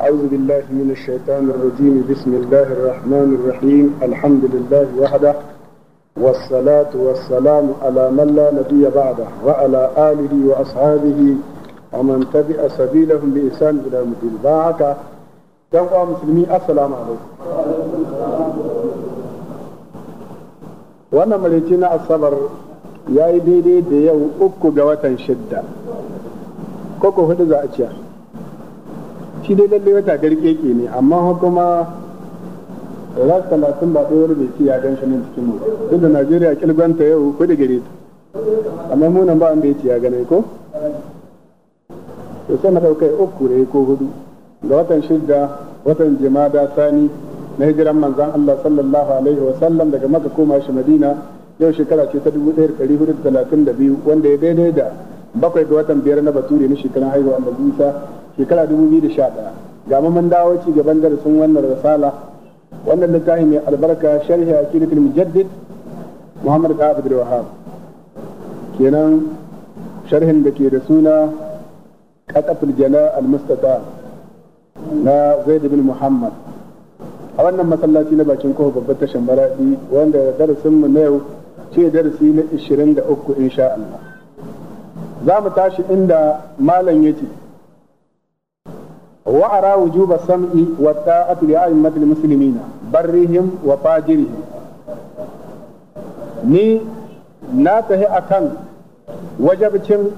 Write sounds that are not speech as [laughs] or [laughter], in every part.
أعوذ بالله من الشيطان الرجيم بسم الله الرحمن الرحيم الحمد لله وحده والصلاة والسلام على من لا نبي بعده وعلى آله وأصحابه ومن تبع سبيلهم بإحسان إلى يوم الدين باعك جمع مسلمي السلام عليكم وانا مليتنا الصبر يا ya yi أكو جواتا شدة كوكو ga watan shidda shi dai lalle wata garkeke ne amma kuma ras talatin ba ɗaya wani bai ci ya gan shi nan cikin mu duk da najeriya kilganta yau ko da gare ta amma munan ba wanda ya ci ya gane ko to sai na ɗaukai uku ne ko hudu ga watan shidda watan jimada sani na hijiran manzan allah sallallahu alaihi wa sallam daga maka koma shi madina yau shekara ce ta dubu ɗaya da ɗari hudu da talatin da biyu wanda ya daidai da bakwai ga watan biyar na bature na shekarun haihuwa da isa shekara 2011 ga mun dawo ci gaban darasin wannan risala wannan littafi mai albarka sharhi aqidatul mujaddid Muhammad Abdul Wahab kenan sharhin da ke da suna qataful jana al mustata na Zaid bin Muhammad a wannan masallaci na bakin kofa babbar tashin baradi wanda darasin mu na yau ce darasi na 23 insha Allah za mu tashi inda malam yake sami وأرى وجوب السمع والطاعة لأئمة المسلمين برهم وفاجرهم ni na tahi akan wajabcin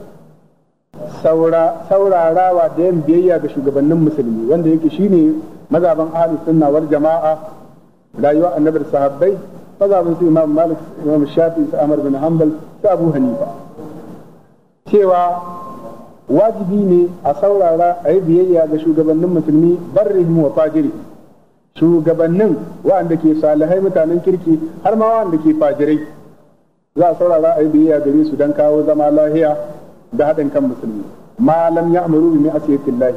saurarawa da 'yan biyayya ga shugabannin musulmi wanda yake shine mazaban ahlus sunna wal jama'a rayuwa annabi sahabbai mazaban su imam malik imam shafi su bin hanbal ta abu cewa wajibi ne a saurara a yi biyayya ga shugabannin musulmi barrihim wa fajiri shugabannin wa'anda ke salihai mutanen kirki har ma wa'anda ke fajirai za a saurara a yi biyayya gare su don kawo zama lahiya da haɗin kan musulmi malam ya amuru bi ma'asiyatin lahi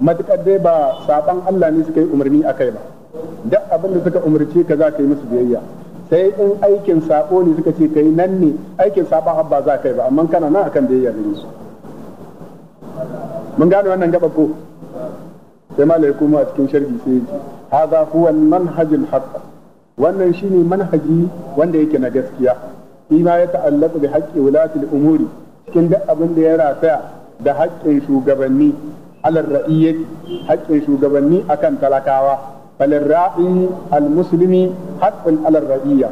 matuƙar dai ba saɓan Allah ne suka yi umarni a kai ba duk abin da suka umarci ka za ka yi musu biyayya sai in aikin saɓo ne suka ce ka yi nan ne aikin sabon abba za ka yi ba amma kana nan akan biyayya gare su mun gane wannan gaba ko sai malai kuma a cikin sharhi sai yace hadha huwa al haqq wannan shine manhaji wanda yake na gaskiya ima ya ta'allaqu bi haqqi wulati umuri cikin duk abin da ya rataya da haƙƙin shugabanni alar ra'iyyati haƙƙin shugabanni akan talakawa falirra'i al musulmi haqqun alar ra'iyya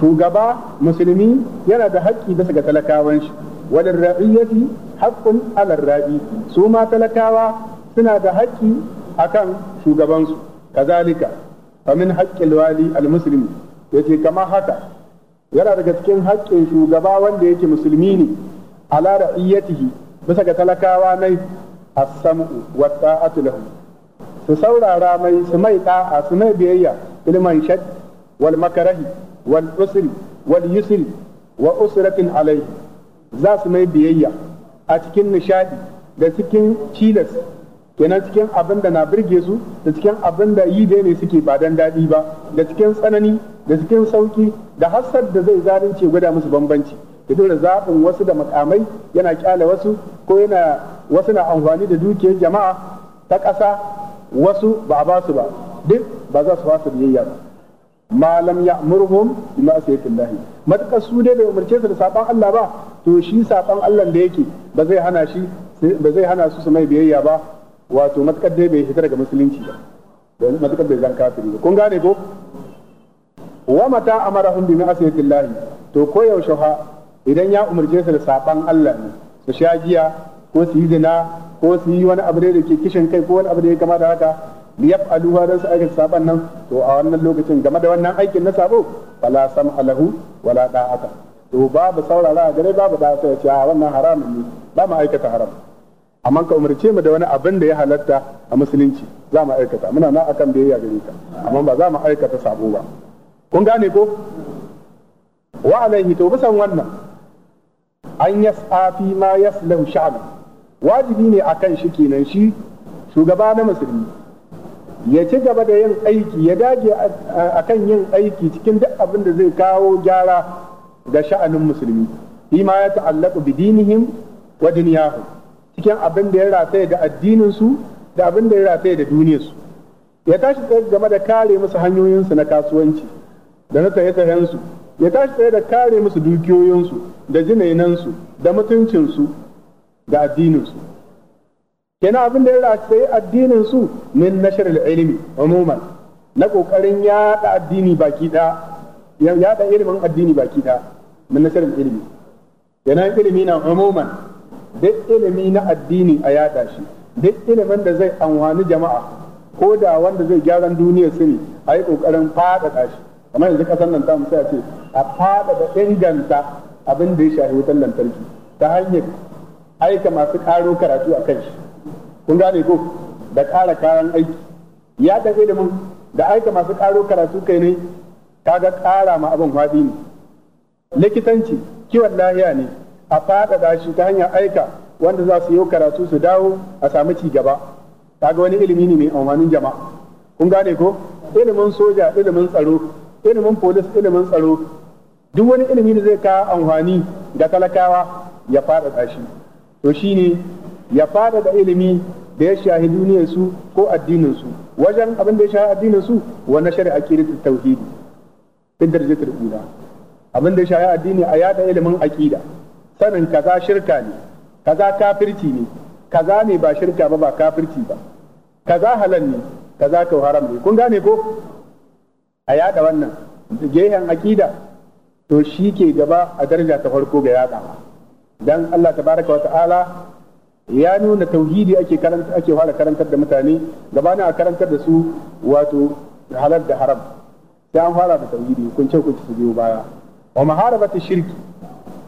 shugaba musulmi yana da haƙƙi bisa ga talakawan shi walin ra'iyyati haqqun ala ra'i su ma talakawa suna da haƙƙi kan shugabansu kazalika fa min haqqil wali al muslimi yace kamar haka Yara daga cikin haƙƙin shugaba wanda yake musulmi ne ala ra'iyyatihi bisa ga talakawa nai as-sam'u wa ta'atu lahum su saurara mai su mai da'a su mai biyayya ilman shad wal makarahi wal usri wal yusri wa usratin alaihi za su mai biyayya a cikin nishadi da cikin cilas yana cikin abin da na birge su da cikin abin da yi ne suke ba dan daɗi ba da cikin tsanani da cikin sauki da hassar da zai zalunce gwada musu bambanci da dole zaɓin wasu da makamai yana ƙyale wasu ko yana wasu na amfani da dukiyar jama'a ta ƙasa wasu ba a basu ba duk ba za su fasa biyayya ba malam ya'murhum bi ma'siyatillah matukar su dai bai umarce su da saban Allah ba to shi saban Allah da yake ba zai hana shi ba zai hana su su mai biyayya ba wato matukar dai bai fita daga musulunci ba matukar bai zan kafiri ba kun gane ko wa mata amarahum bi ma'asiyatillah to ko yaushe ha idan ya umarce su da saban Allah ne su sha giya ko su yi zina ko su yi wani abu da ke kishin kai ko wani abu da ya kama da haka aluha dan su aika saban nan to a wannan lokacin game da wannan aikin na sabo fala sam alahu wala da'ata to babu saurara a gare babu da'ata ya ce a wannan haramun ne ba mu aikata haram amma ka umarce mu da wani abin da ya halatta a musulunci za mu aikata muna na akan biyayya gare ka amma ba za mu aikata sabo ba kun gane ko wa alaihi to bisan wannan an yas'a fi ma yaslahu sha'an wajibi ne akan shi kenan shi shugaba na musulmi ya ci gaba da yin aiki ya dage a kan yin aiki cikin duk abin da zai kawo gyara ga sha'anin musulmi ma ya ta'allaku bi dinihim wa dunyahum cikin abin da ya rataya da addinin su da abin da ya rataya da duniyar su ya tashi tsaye game da kare musu hanyoyin su na kasuwanci da na tsaye tsayen su ya tashi tsaye da kare musu dukiyoyin su da jinainan su da mutuncin su da addinin su kena abin da ya da addinin su min nashr ilimi umuman na kokarin yada addini baki da yada ilimin addini baki da min nashr ilimi kenan ilimi na umuman duk ilimi na addini a yada shi duk ilimin da zai anwani jama'a ko da wanda zai gyaran duniya su ne a yi kokarin faɗaɗa shi kamar yanzu ƙasar nan ta musa ce a faɗaɗa inganta abin da ya shafi wutar lantarki ta hanyar aika masu ƙaro karatu a kan shi kun gane ko da ƙara kayan aiki ya ɗan ilimin da aika masu ƙaro karatu kai ne kaga ƙara ma abin faɗi ne likitanci kiwon lahiya ne a faɗaɗa shi ta hanyar aika wanda za su yi karatu su dawo a sami ci gaba kaga wani ilimi ne mai amfanin jama'a kun gane ko ilimin soja ilimin tsaro ilimin polis ilimin tsaro duk wani ilimi da zai kawo amfani ga talakawa ya faɗaɗa shi to shine ya faɗaɗa ilimi da ya shahi duniyar su ko addinin su wajen abin da ya shahi addinin su wa nashar aqidatu tauhidi din darajatul ula abin da ya shahi addini a yada ilimin aqida sanin kaza shirka ne kaza kafirci ne kaza ne ba shirka ba ba kafirci ba kaza halal ne kaza to haram ne kun gane ko a yada wannan gehen aqida to shi ke gaba a daraja ta farko ga yadawa dan Allah tabaraka wa ta'ala ya nuna tauhidi ake karanta ake fara karantar da mutane gabanin a karantar da su wato halal da haram sai an fara da tauhidi hukunce hukunce su biyo baya wa maharabati shirki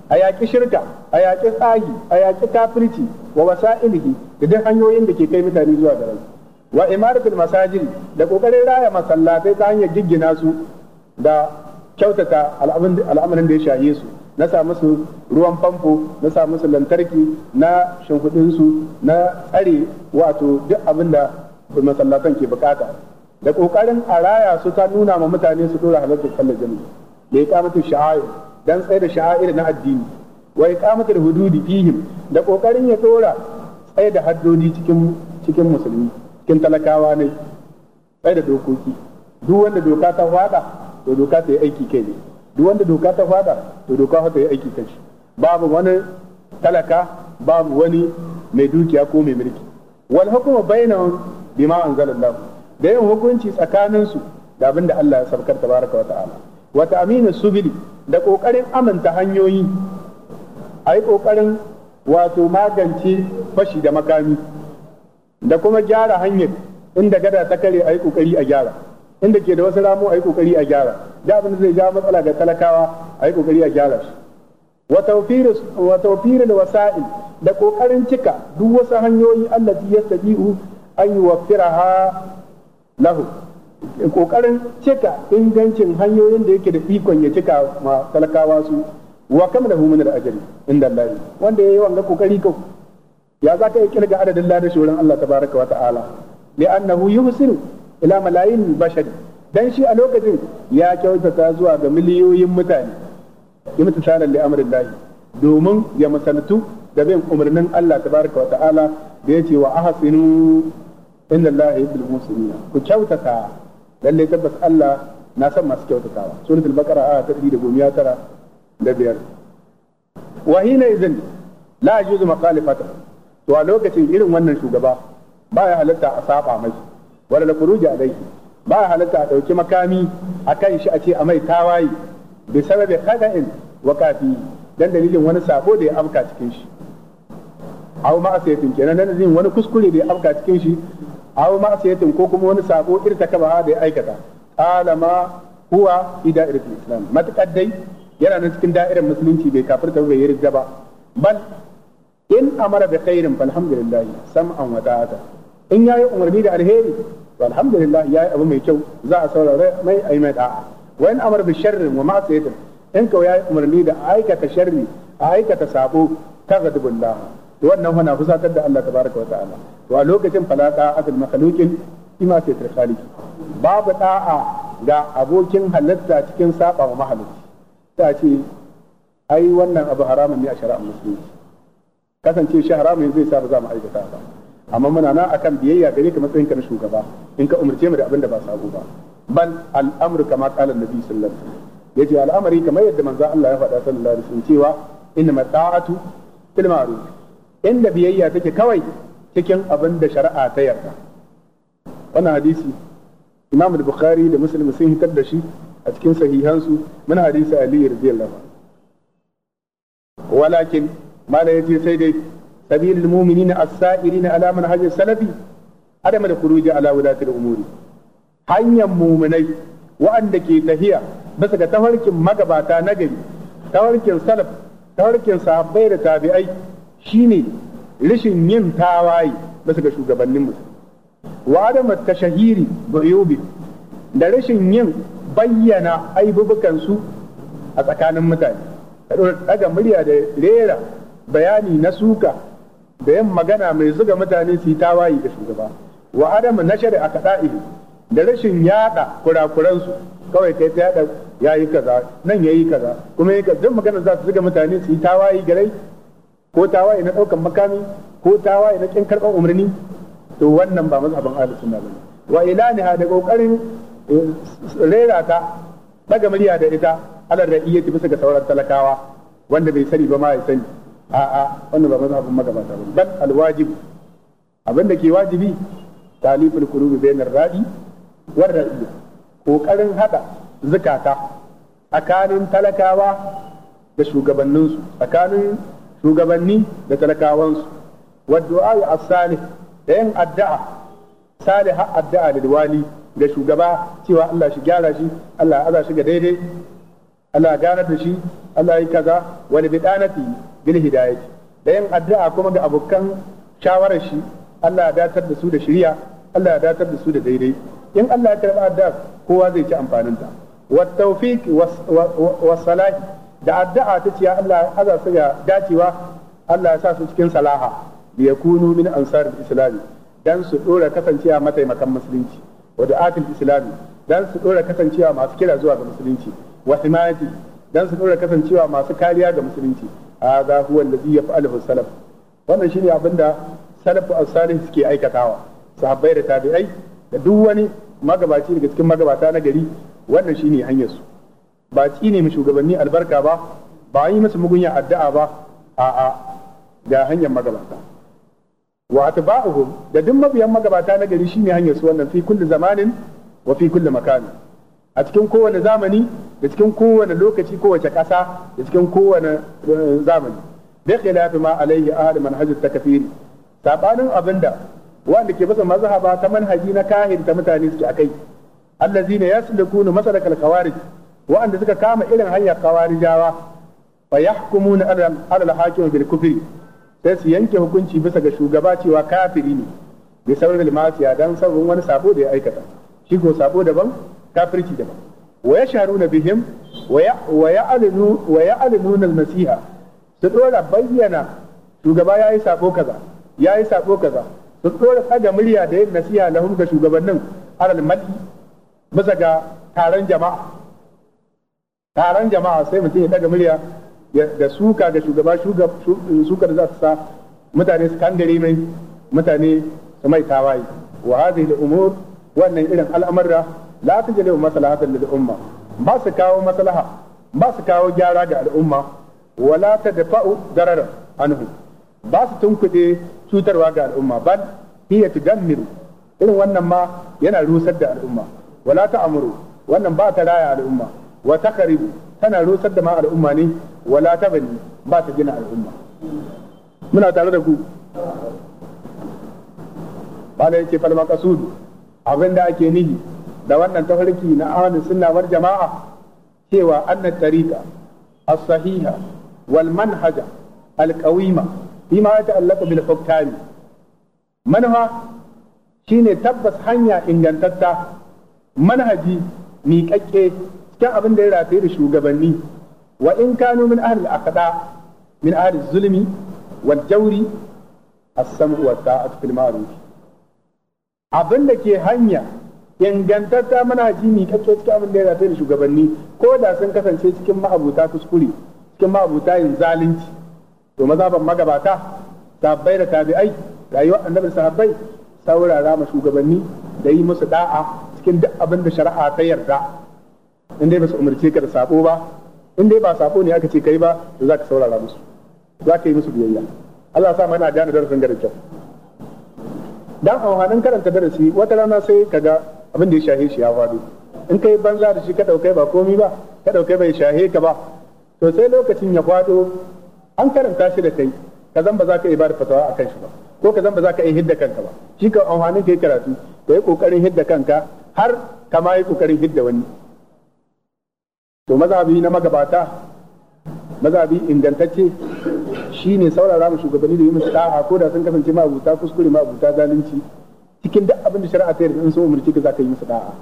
a yaƙi shirka a yaƙi tsagi a yaƙi kafirci wa wasa'ilihi da duk hanyoyin da ke kai mutane zuwa ga rai wa imaratul masajid da kokarin raya masallatai ta hanyar giggina su da kyautata al'amarin da ya shaye su na sa musu ruwan famfo na sa musu lantarki na shimfiɗinsu na tsare wato duk abin da masallatan ke bukata da ƙoƙarin a raya su ta nuna ma mutane su dora halartar sallar jami'a da ya kamata sha'a'ir dan tsaye da sha'a'ir na addini wa ya kamata hududi fihim da ƙoƙarin ya dora tsaye da haddodi cikin cikin musulmi cikin talakawa ne tsaye da dokoki duk wanda doka ta faɗa to doka ta yi aiki kai ne duk wanda doka ta fada to doka haka ya aiki kashi babu wani talaka babu wani mai dukiya ko mai mulki wal hukuma bainahum bima anzalallahu da yin hukunci tsakanin su da abin Allah ya sabkar tabaraka wa ta'ala wa ta'minu subili da kokarin aminta hanyoyi ai kokarin wato magance fashi da makami da kuma gyara hanyar inda gada ta kare ai kokari a gyara inda ke da wasu ramu a yi kokari a gyara da abin da zai ja matsala ga talakawa a yi kokari a gyara shi wa tawfirin wasa'il da kokarin cika duk wasu hanyoyi Allah allati yastabi'u an firaha lahu kokarin cika ingancin hanyoyin da yake da ikon ya cika ma talakawa su wa kam da min al-ajri inda Allah wanda yayi wanga kokari ko ya zaka yi kirga adadin ladan wurin Allah tabaraka wa ta'ala li'annahu yuhsinu ila malayin bashari dan shi a lokacin ya kyautata zuwa ga miliyoyin mutane imtisalan li amrin lahi domin ya masantu da bin umarnin Allah tabaraka wa ta'ala da yace wa ahsinu inna Allah yuhibbul ku kyautata Lallai tabbas Allah na san masu kyautatawa Sunan baqara a ta 119 da biyar wa hina idan la yajuzu maqalifatu to a lokacin irin wannan shugaba ya halatta a saba mai wala la khuruj alayhi ba halatta a dauki makami akan shi a ce a mai tawaye bi sababi khada'in wa kafi dan dalilin wani sabo da ya afka cikin shi aw ma'asiyatin kenan dan dalilin wani kuskure da ya afka cikin shi aw ma'asiyatin ko kuma wani sabo irtakaba da ya aikata qala ma huwa ida islam matakaddai yana nan cikin da'irar musulunci bai kafirta bai yi ba bal in amara bi khairin falhamdulillah sam'an wa ta'ata in yayi umarni da alheri to alhamdulillah yi abu mai kyau za a saurare mai yi mai da'a wa amar bi sharrin wa ma'siyatin in kawai yi umarni da aikata sharri a aikata sabo ta dama to wannan hana fusatar da Allah tabaraka wa ta'ala to a lokacin falaka akal makhluqin ima sai babu da'a ga abokin halatta cikin saba wa mahalicci ta ce ai wannan abu haramun ne a shari'ar musulunci kasance shi haramun zai sa ba za mu aikata ba amma muna nan akan biyayya gare ka matsayin ka na shugaba in ka umarce mu da abin da ba sabo ba bal al'amru kama qala annabi sallallahu alaihi wasallam yace al'amari kamar yadda manzo Allah ya faɗa sallallahu alaihi wasallam cewa inna mata'atu fil ma'ruf inda biyayya take kawai cikin abin da shari'a ta yarda wannan hadisi Imam al-Bukhari da Muslim sun hitar da shi a cikin sahihansu min hadisi Ali radiyallahu anhu walakin mala yace sai dai سبيل المؤمنين السائرين على منهج السلف عدم الخروج على ولاة الأمور hanyar muminai wa'anda ke tafiya bisa tafarkin magabata na gari tafarkin salaf tafarkin sahabbai da tabi'ai shine rishin yin tawaye bisa shugabanninmu. shugabannin musu wa adam tashahiri da rashin yin bayyana aibubukan su a tsakanin mutane ka ɗaga murya da rera bayani na suka da yin magana mai zuga mutane su yi tawayi ga shugaba wa adam nashar a kada'ihi da rashin yada kurakuransu kawai kai ta yada yayi kaza nan yayi kaza kuma yi kaza magana za su zuga mutane su yi tawayi gare ko tawayi na daukan makami ko tawayi na kin karban umarni to wannan ba mazhaban ahlus sunna bane wa ne da kokarin eh, rera ta daga murya da ita alar ra'iyyati bisa ga sauran talakawa wanda bai sani ba ma ya sani a'a wannan ba mazhabin magabata ba bal alwajib abin da ke wajibi talifin kulubi bainar radi war ra'iya kokarin hada zakata tsakanin talakawa da shugabanninsu tsakanin shugabanni da talakawansu wadda as-salih da yin addu'a salih addu'a da wali ga shugaba cewa Allah shi gyara shi Allah ya aza shi ga daidai Allah ya gyara da shi Allah ya kaza wani bidanati bil hidayati da yin addu'a kuma ga abokan shawarar shi Allah ya datar da su da shirya Allah ya datar da su da daidai in Allah ya karba addu'a kowa zai ci amfanin ta wa tawfiq wa salah da addu'a ta ce Allah haza su ga dacewa Allah ya sa su cikin salaha bi yakunu min ansar al-islam dan su dora kasancewa mataimakan musulunci wa du'atul islam dan su dora kasancewa masu kira zuwa ga musulunci wa himayati dan su dora kasancewa masu kariya ga musulunci hadha huwa alladhi yaf'aluhu salaf wannan shine abinda salafu as suke aikatawa sahabbai da tabi'ai da duk wani magabaci daga cikin magabata na gari wannan shine hanyar su ba ne mu shugabanni albarka ba ba yi musu mugunya addu'a ba a'a ga hanyar magabata wa atba'uhum da duk mabiyan magabata na gari shine hanyar su wannan fi kulli zamanin wa fi kulli makanin a cikin kowane zamani da cikin kowane lokaci kowace ƙasa da cikin kowane eh, zamani da khilafi ma alaihi ahad manhajut takfiri sabanin abinda wanda ke bisa mazhaba ta manhaji na ta mutane suke akai allazina yaslukuna masalakal khawarij wanda suka kama irin hanyar khawarijawa fa yahkumuna ala al-hakim bil kufri sai su yanke hukunci bisa ga shugaba cewa kafiri ne bi sababil masiya dan sabon wani sabo da ya aikata shi ko sabo daban kafirci daban wa ya sharu na bihim wa ya alinuna nasiha su dora bayyana shugaba ya yi sabo kaza ya yi sabo kaza su dora tsaga murya da yin nasiha lahum ga shugabannin alal madi bisa ga taron jama'a taron jama'a sai mutum ya daga murya da suka ga shugaba suka da za su sa mutane su kangare mai mutane su mai tawaye wa hadhihi al-umur wannan irin al'amarra la tajlibu maslahatan lil umma ba su kawo maslaha ba su kawo gyara ga al'umma wala tadfa'u dararan anhu ba su tunkuɗe cutarwa ga al'umma ban hiya tudammiru irin wannan ma yana rusar da al'umma wala ta'muru wannan ba ta raya al'umma wa takaribu tana rusar da ma al'umma ne wala bani ba ta gina al'umma muna tare da ku bala ce falma kasudu abin da ake nihi da wannan tafarki na ahlus sunna wal jama'a cewa anna tariqa as-sahiha wal manhaja al-qawima bima ta'allaqu bil manha shine tabbas hanya ingantatta manhaji niƙaƙƙe cikin abin da ya rafe da shugabanni wa in kanu min ahli al-aqda min ahli zulmi wal jawri as-sam'u wa ta'atu fil ma'ruf abin da ke hanya ingantatta ji mi kacce cikin abin da ya zata da shugabanni ko da sun kasance cikin ma'abuta kuskure cikin ma'abuta yin zalunci to mazaban magabata ta da tabi'ai rayuwar annabi sahabbai saurara ma shugabanni da yi musu da'a cikin duk abin da shari'a ta yarda in dai ba su umarce ka da sako ba in dai ba sabo ne aka ce kai ba to za ka saurara musu za ka yi musu biyayya Allah sa mana da darasin da kyau dan amfanin karanta darasi wata rana sai ka ga abin da ya shahe shi ya faɗo in kai banza da shi ka ɗaukai ba komi ba ka ɗaukai bai shahe ka ba to sai lokacin ya faɗo an karanta shi da kai ka zan ba za ka yi ba da fatawa akan shi ba ko ka zan ba za ka yi hidda kanka ba shi ka amfanin kai karatu ka yi kokarin hidda kanka har ka ma yi kokarin hidda wani to mazhabi na magabata mazhabi ingantacce Shi ne saurara mu shugabanni da yi musu ta'a ko da sun kasance ma abuta kuskure ma abuta zalunci cikin duk abin da shari'a ta yarda in sun umarci ka ka yi musu da'a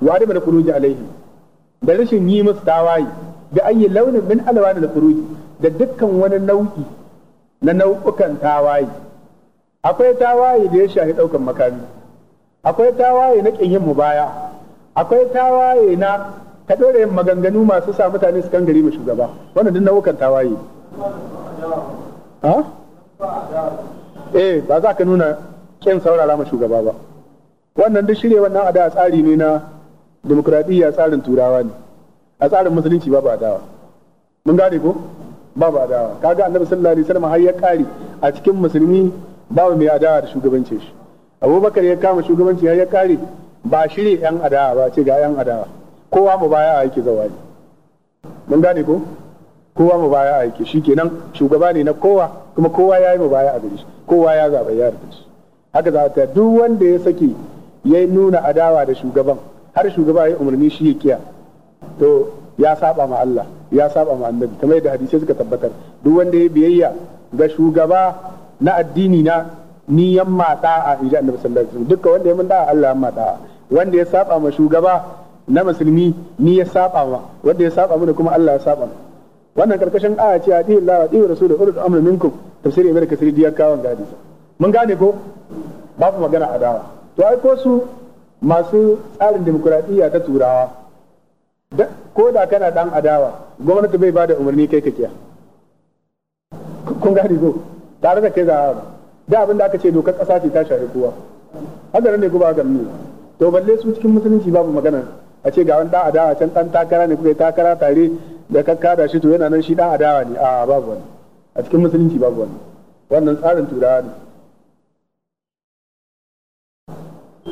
wa da bal khuruji alaihi da rashin yi musu tawayi da ayi launin min alwan da da dukkan wani nau'i na nau'ukan tawayi akwai tawaye da ya shafi daukan makami akwai tawaye na ƙin yin baya akwai tawaye na ka dore maganganu masu sa mutane su kan gari mu shugaba wannan duk nau'ukan tawaye ha eh ba za ka nuna kin saurara ma shugaba ba wannan duk shirye wannan da tsari ne na demokradiyya tsarin turawa ne a tsarin musulunci ba ba dawa mun gane ko ba ba dawa kaga annabi sallallahu alaihi wasallam har ya kare a cikin musulmi babu mai adawa da shugabancin shi abubakar ya kama shugabanci har ya kare ba shirye yan adawa ba ce ga yan adawa kowa mu baya yake zawa mun gane ko kowa mu baya a yake shikenan shugaba ne na kowa kuma kowa ya yi mu baya a gare shi kowa ya zaɓa ya rubuta shi haka za ta duk wanda ya saki ya nuna adawa da shugaban har shugaba ya umarni shi ya kiya to ya saba ma Allah ya saba ma annabi kamar yadda hadisi suka tabbatar duk wanda ya biyayya ga shugaba na addini na niyan mata a inji annabi sallallahu alaihi wasallam duka wanda ya mun da Allah ya mata wanda ya saba ma shugaba na musulmi ni ya saba ma wanda ya saba mu da kuma Allah ya saba mu wannan karkashin aya ce ati Allah wa da rasulu ulul amri minkum tafsir ibn kasir diya kawan gadi mun gane ko babu magana adawa to ai ko su masu tsarin demokradiyya ta turawa ko da kana dan adawa gwamnati bai bada umarni kai ka kiya kun gane ko tare da kai za a da abin da aka ce dokar ƙasa ce ta shafi kowa hadarin ne ku ba ga to balle su cikin musulunci babu magana a ce ga wani dan adawa can dan takara ne kuka takara tare da ka kada shi to yana nan shi dan adawa ne a babu wani a cikin musulunci babu wani wannan tsarin turawa ne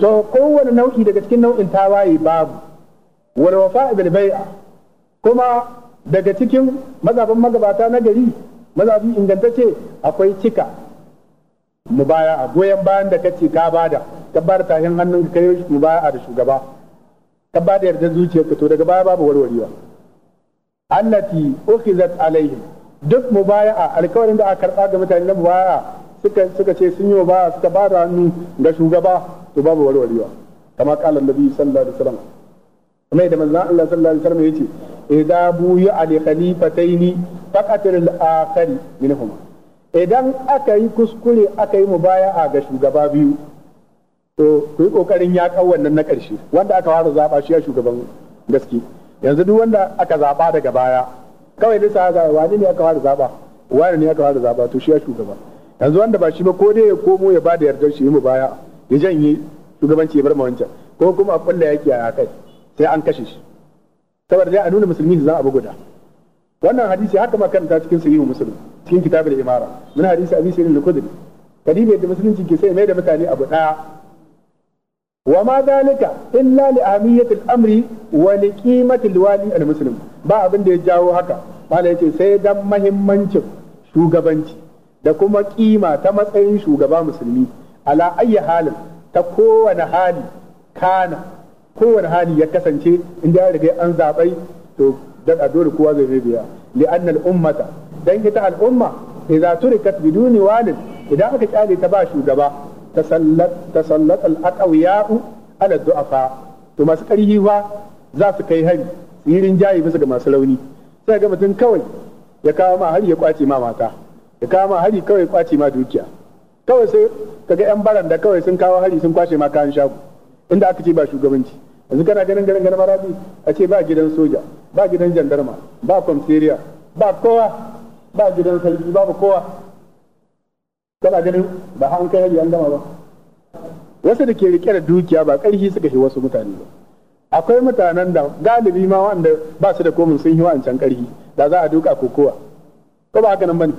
to kowane nau'i daga cikin nau'in tawaye babu wal wafa bil bai'a kuma daga cikin mazabin magabata na gari mazabin ingantacce akwai cika mubaya a goyon bayan da kace ka bada ka bada tashin hannun ka kai mubaya da shugaba ka bada yardar zuciyarka to daga baya babu warwarewa allati ukhizat alaihim duk mubaya'a alkawarin da aka karba ga mutane na mubaya'a suka suka ce sun yi mubaya'a suka ba da hannu ga shugaba to babu warwarewa kama kalan nabi sallallahu alaihi wasallam kuma da manzon Allah sallallahu alaihi wasallam yace idan buyu ali khalifataini faqatil al-akhari minhum idan aka yi kuskure aka yi mubaya'a ga shugaba biyu to ku yi kokarin ya wannan na ƙarshe wanda aka fara zaba shi ya shugaban gaskiya yanzu duk wanda aka zaba daga baya kawai dai sa wani ne aka fara zaba wani ne aka fara zaba to shi ya shugaba yanzu wanda ba shi ba ko dai ya komo ya bada yardar shi mu baya ya janye shugabanci ya bar ma wancan ko kuma a kulla yake a kai sai an kashe shi saboda dai a nuna musulmi za a guda wannan hadisi haka ma ta cikin sahihu muslim cikin kitabul imara min hadisi abi sirin al-khudri kadibe da musulunci ke sai mai da mutane abu daya wa ma zalika illa li amri wani li qimati al-wali ba abin da ya jawo haka malai yace sai dan mahimmancin shugabanci da kuma kima ta matsayin shugaba musulmi ala ayyi halin ta kowane hali kana kowane hali ya kasance inda ya riga an zabai to dan dole kowa zai biya li anna al-ummata dan ita al-umma idza turikat biduni walid idan aka kyale ta ba shugaba tasallat al-aqawiya'u a fa to masu ƙarfi fa za su kai hari yirin jayi bisa ga masu rauni sai ga mutum kawai ya kawo ma hari ya ƙwace ma mata ya kawo ma hari kawai ya kwace ma dukiya kawai sai ka ga yan baranda kawai sun kawo hari sun kwace ma kayan shago inda aka ce ba shugabanci yanzu kana ganin garin garin marabi a ce ba gidan soja ba gidan jandarma ba kwamferiya ba kowa ba gidan sarki ba kowa kana ganin ba an kai rabi an gama ba wasu da ke rike da dukiya ba ƙarfi suka shi wasu mutane ba akwai mutanen da galibi ma wanda ba su da komin sun yi wa'ancan ƙarfi da za a duka kokowa ko ba haka nan bane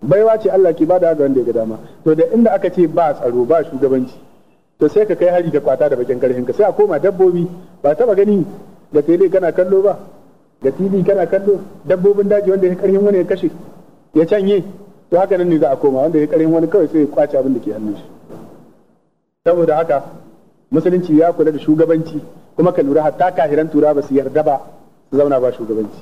baiwa ce Allah ke bada ga wanda ya ga dama to da inda aka ce ba tsaro ba shugabanci to sai ka kai hari da kwata da bakin karhin ka sai a koma dabbobi ba taba gani da tele kana kallo ba da tv kana kallo dabbobin daji wanda ya karhin wani ya kashe ya canye to haka nan ne za a koma wanda ya karin wani kawai sai ya kwace abin da ke hannun shi saboda haka musulunci ya kula da shugabanci kuma ka lura hatta kahiran tura ba su yarda ba su zauna ba shugabanci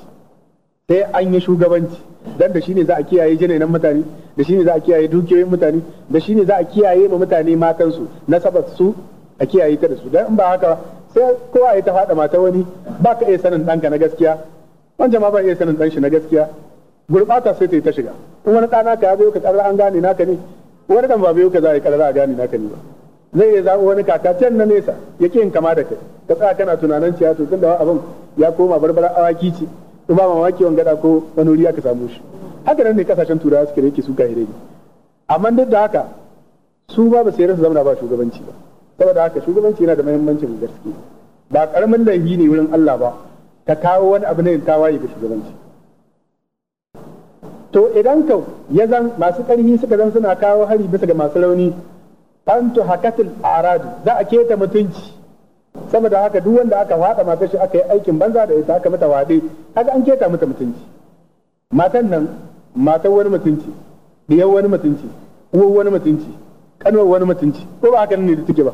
sai an yi shugabanci dan da shine za a kiyaye jinainan mutane da shine za a kiyaye dukiyoyin mutane da shine za a kiyaye ma mutane na nasabar su a kiyaye ta da su dan in ba haka sai kowa ya ta fada mata wani ba ka iya sanin danka na gaskiya wancan ma ba iya sanin dan shi na gaskiya gurbata sai ta yi ta shiga in wani tsana ka ya zo ka ƙarar an gane naka ne wani kan ba biyo ka za a yi a gane naka ne ba zai iya zaɓi wani kaka can na nesa ya yin kama da kai ka tsaya kana tunanin ciya to tunda abin ya koma barbara awaki ce in ba mamaki wani gada ko wani wuri aka samu shi haka nan ne kasashen turawa suke rike su kahire ne amma duk da haka su ba ba sai rasa zamana ba shugabanci ba saboda haka shugabanci yana da muhimmancin gaske ba karamin laifi ne wurin Allah ba ka kawo wani abu ne tawaye ga shugabanci to idan ka ya zan masu ƙarfi suka zan suna kawo hari bisa ga masu rauni antu hakatul aradu za a keta mutunci saboda haka duk wanda aka fada matar shi aka yi aikin banza da ita aka mata wade kaga an keta mata mutunci matan nan matan wani mutunci diyar wani mutunci uwar wani mutunci kanuwar wani mutunci ko ba haka ne da take ba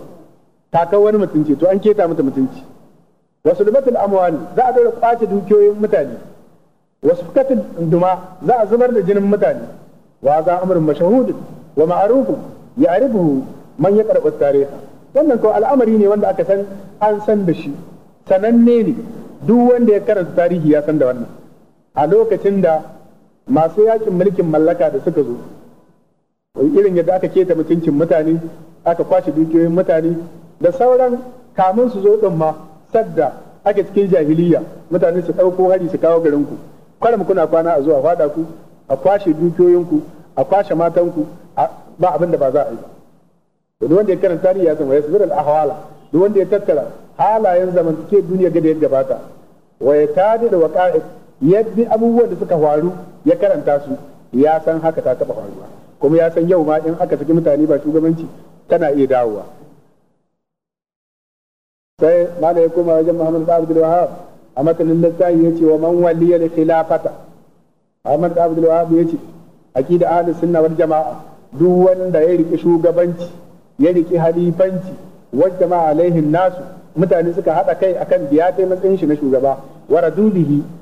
takar wani mutunci to an keta mata mutunci wasu da lumatul ne za a dora kwace dukiyoyin mutane wasu fukatin duma za a zubar da jinin mutane wa za amurin mashahudu wa ma'arufu arifu man ya karɓar tarihi wannan kawai al'amari ne wanda aka san an san da shi sananne ne duk wanda ya karanta tarihi ya san da wannan a lokacin da masu yakin mulkin mallaka da suka zo irin yadda aka keta mutuncin mutane aka kwashe dukiyoyin mutane da sauran kamun su zo din ma sadda ake cikin jahiliya mutane su ɗauko hari su kawo garinku kwaram kuna kwana a zuwa fada ku a kwashe dukiyoyinku a kwashe matanku ba abin da ba za a yi ba duk wanda ya karanta ni ya san waya sabir ahwala duk wanda ya tattara halayen zamantakewar duniya ga da ba ta waya tadi da waqa'i yadda abubuwan da suka faru ya karanta su ya san haka ta taba faruwa kuma ya san yau ma in aka saki mutane ba shugabanci tana iya dawowa sai malai ya koma wajen Muhammad bin Abdul a matsalin lissahi ya ce wa man waliya da khilafata Ahmad Abdul Wahab ya ce aqida ahlus sunna wal jama'a duk wanda ya riki shugabanci ya riki halifanci wal jama'a alaihim nasu mutane suka hada kai akan biya kai matsayin shi na shugaba wa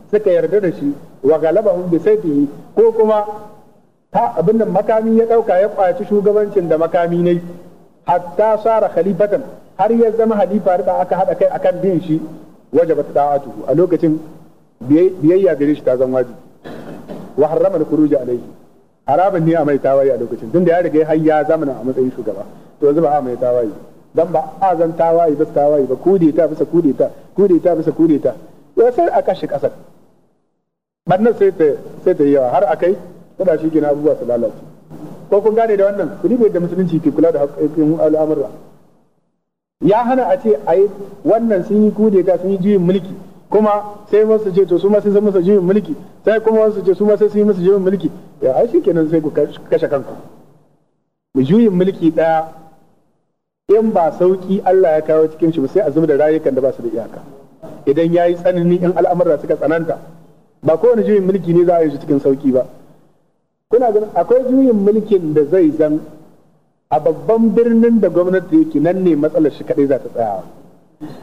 suka yarda da shi wa galabahum bi sayfihi ko kuma ta abin da makami ya dauka ya kwaci shugabancin da makami ne hatta sara khalifatan har ya zama halifa da aka hada kai akan bin shi wajabat da'atuhu a lokacin biyayya gare shi ta zan wajibi wa harrama al-khuruj alayhi haraban ne a mai tawaye a lokacin tunda ya riga har ya zamana a matsayin shugaba to yanzu ba a mai tawaye dan ba a zan tawaye ba tawaye ba kudeta bisa kudeta kudeta bisa kudeta ya sai a kashe kasar bannan sai ta sai ta yawa har akai tada shi gina abubuwa su lalace ko kun gane da wannan ku bai da musulunci ke kula da haƙƙin al'amura ya hana a ce a yi wannan sun yi kude ga sun yi juyin mulki kuma sai wasu ce to su ma sai sun musu juyin mulki sai kuma wasu ce su ma sai sun yi musu juyin mulki ya ai shi kenan sai ku kashe kanku mu juyin mulki daya in ba sauki Allah ya kawo cikin shi sai a zuba da rayukan da ba su da iyaka idan ya yi tsanani in al'amura suka tsananta ba kowane juyin mulki ne za a yi shi cikin sauki ba kuna ganin akwai juyin mulkin da zai zan a babban birnin da gwamnati yake nan ne matsalar shi kadai za ta tsaya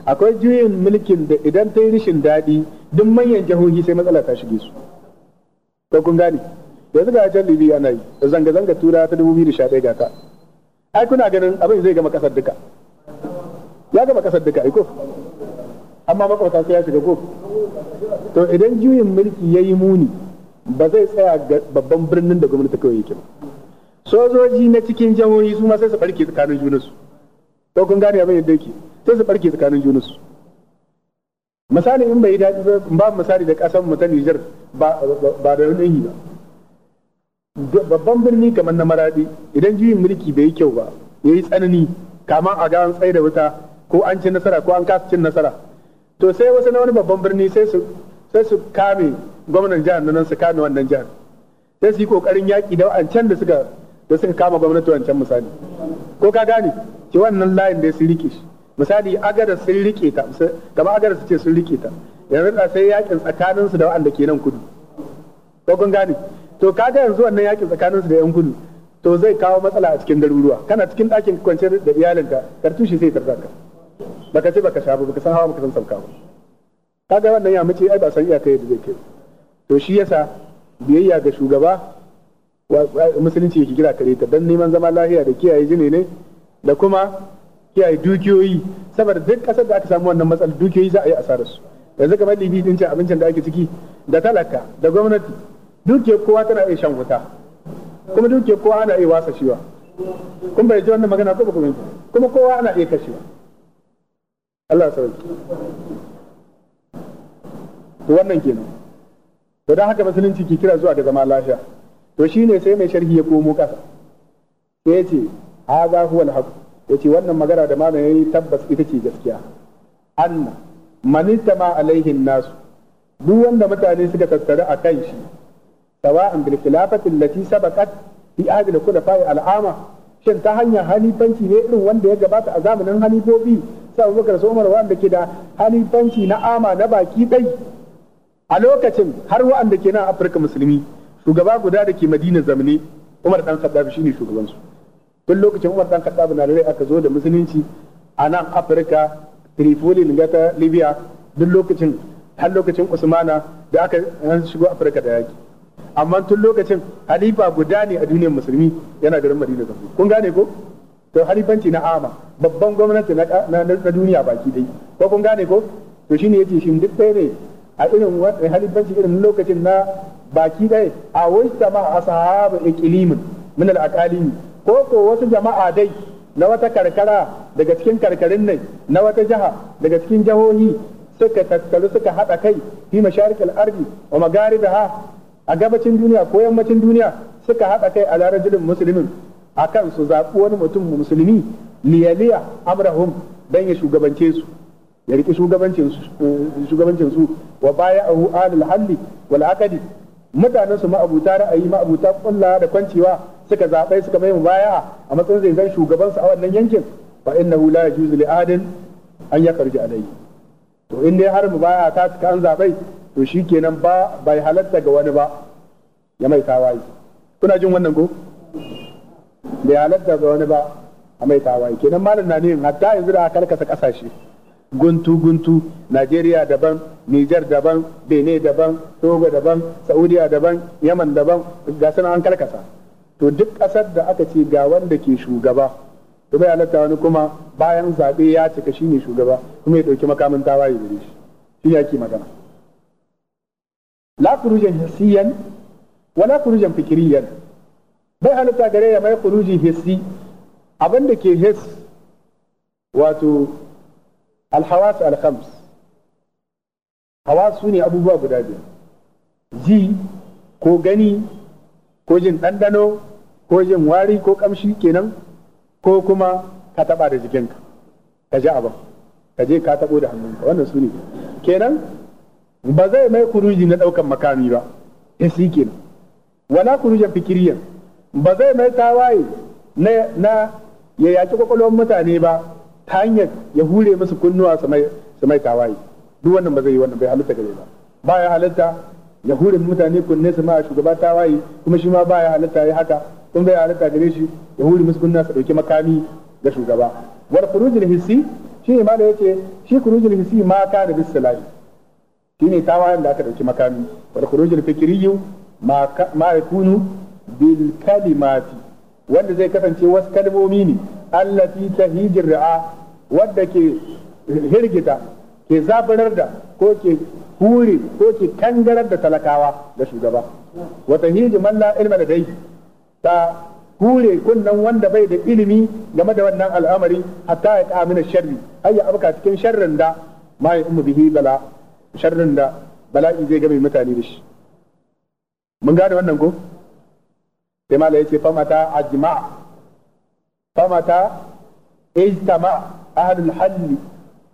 akwai juyin mulkin da idan ta yi rishin daɗi duk manyan jihohi sai matsala ta shige su ko kun gane yanzu ga can libi ana yi zanga-zanga tura ta 2011 gata ta ai kuna ganin abin zai gama kasar duka ya gama kasar duka iko amma makwata sai ya shiga ko to idan juyin mulki ya yi muni ba zai tsaya ga babban birnin da gwamnati kawai yake ba sojoji na cikin jihohi su ma sai su farke tsakanin junansu ko kun gane abin yadda yake sai su farke tsakanin junansu misali in bai daɗi ba misali da kasan mu ta Niger ba da wani ba babban birni kamar na Maradi idan juyin mulki bai yi kyau ba yayi tsanani kama a ga an tsaye da wuta ko an ci nasara ko an kasa cin nasara to sai wasu na wani babban birni sai su sai su kame gwamnan jihar nan su kame wannan jihar sai su yi kokarin yaƙi da can da suka da suka kama gwamnati wancan misali ko ka gane ki wannan layin da sun rike shi misali agadar sun rike ta gaba agadar su ce sun rike ta yanzu da sai yakin tsakanin su da wanda ke nan kudu ko kun gane to kaga yanzu wannan yakin tsakanin su da yan kudu to zai kawo matsala a cikin garuruwa kana cikin ɗakin kwance da iyalinka kartushi sai tarza ka baka ce baka sha ba baka san hawa baka san sauka ba kaga wannan ya mace ai ba san iyaka yadda zai kai to shi yasa biyayya ga shugaba musulunci yake kira kare ta don neman zama lahiya da kiyaye jini ne da kuma kiyaye dukiyoyi saboda duk kasar da aka samu wannan matsalar dukiyoyi za a yi asarar su yanzu kamar libi din abincin da ake ciki da talaka da gwamnati dukiyar kowa tana iya shan wuta kuma dukiyar kowa ana iya wasa shiwa kun bai ji wannan magana ko ba kuma kuma kowa ana iya kashewa Allah ya sauke to wannan kenan to dan haka musulunci ke kira zuwa ga zama lafiya to shi ne sai mai sharhi ya komo kasa sai ya ce haza huwa haku Ya ce wannan magana da ya yi tabbas ita ce gaskiya anna ma alaihin nasu duk wanda mutane suka tattara a kan shi sawa'an bil khilafatin lati sabaqat fi ahli kula fai al'ama shin ta hanyar halifanci ne irin wanda ya gabata a zamanin halifobi sai Abubakar su Umar wanda ke da halifanci na ama na baki dai a lokacin har wa'anda ke nan Afirka musulmi shugaba guda da ke Madina zamani Umar dan Khattab shine shugaban su tun lokacin Umar dan Khattab na da aka zo da musulunci a nan Afirka Tripoli ga ta Libya duk lokacin har lokacin Usmana da aka shigo Afirka da yaki amma tun lokacin halifa guda ne a duniyar musulmi yana garin Madina zamani kun gane ko to halifanci na ama babban gwamnati na duniya baki dai ko kun gane ko to shine yace shi duk ɗaya ne a irin wani halibanci irin lokacin na baki dai a wasta a ashabu iqlimin min al ko ko wasu jama'a dai na wata karkara daga cikin karkarin nan na wata jiha daga cikin jihohi suka tattaru suka haɗa kai fi masharikal ardi wa ha a gabacin duniya ko yammacin duniya suka haɗa kai a jirin musulmin akan su zaɓi wani mutum musulmi liyaliya amrahum don ya shugabance su ya riki eh, shugabancin su wa baya'ahu ahlul halli wal akadi mutanen su ma'abuta ra'ayi ma'abuta kulla da kwancewa suka zaɓai suka mai baya a matsayin zai zan shugaban su a wannan yankin fa innahu la yajuzu li adin an karji alayhi to in dai har mu baya ta cika an zaɓe to shikenan ba bai halatta ga wani ba ya mai tawayi kuna jin wannan ko bai halatta ga wani ba a mai tawayi kenan malam na ne hatta yanzu da aka karkasa kasashe guntu guntu Najeriya daban Nijar daban Benin daban Togo daban Saudiya daban Yaman daban ga suna an karkasa to duk ƙasar da aka ce ga wanda ke shugaba to bai halatta wani kuma bayan zaɓe ya cika shi ne shugaba kuma ya ɗauki makamin tawaye gare shi shi ke magana la kurujan hissiyan wala kurujan fikiriyan bai halatta gare ya mai kuruji hissi abin da ke his wato alhawas alkhams hawa su ne abubuwa guda biyar ji ko gani ko jin ɗanɗano ko jin wari ko ƙamshi kenan ko kuma ka taɓa da jikinka ka ji abin ka je ka taɓo da hannunka wannan su ne kenan ba zai mai kuruji na ɗaukan makami ba ya eh, shi wala kurujan fikiriyan ba zai mai tawaye na ya yaƙi ƙwaƙwalwar mutane ba ta hanyar ya hure musu kunnuwa su mai su tawaye duk wannan ba zai yi wannan bai halitta gare ba ba ya halitta ya hure mutane kunne su ma shugaba tawaye kuma shi ma ya halitta ya haka kun bai halitta gare shi ya hure musu kunnuwa su dauki makami ga shugaba wal khurujul hissi shi ne da yace shi khurujul hissi ma ka da bisalahi shi ne tawayen da aka dauki makami wal khurujul fikriyu ma ma yakunu bil kalimati wanda zai kasance wasu kalmomi ne allati tahijir ri'a wadda ke hirgita ke zabarar da ko ke hure ko ke tangarar da talakawa da shugaba wa tahiji man la ilma dai ta hure kunnan wanda bai da ilimi game da wannan al'amari hatta ya kamina sharri ai ya abka cikin sharrin da ma ya ummu bihi bala sharrin da bala'i zai game mutane da shi mun gane wannan ko sai mala famata ajma' فمتى اجتمع أهل الحل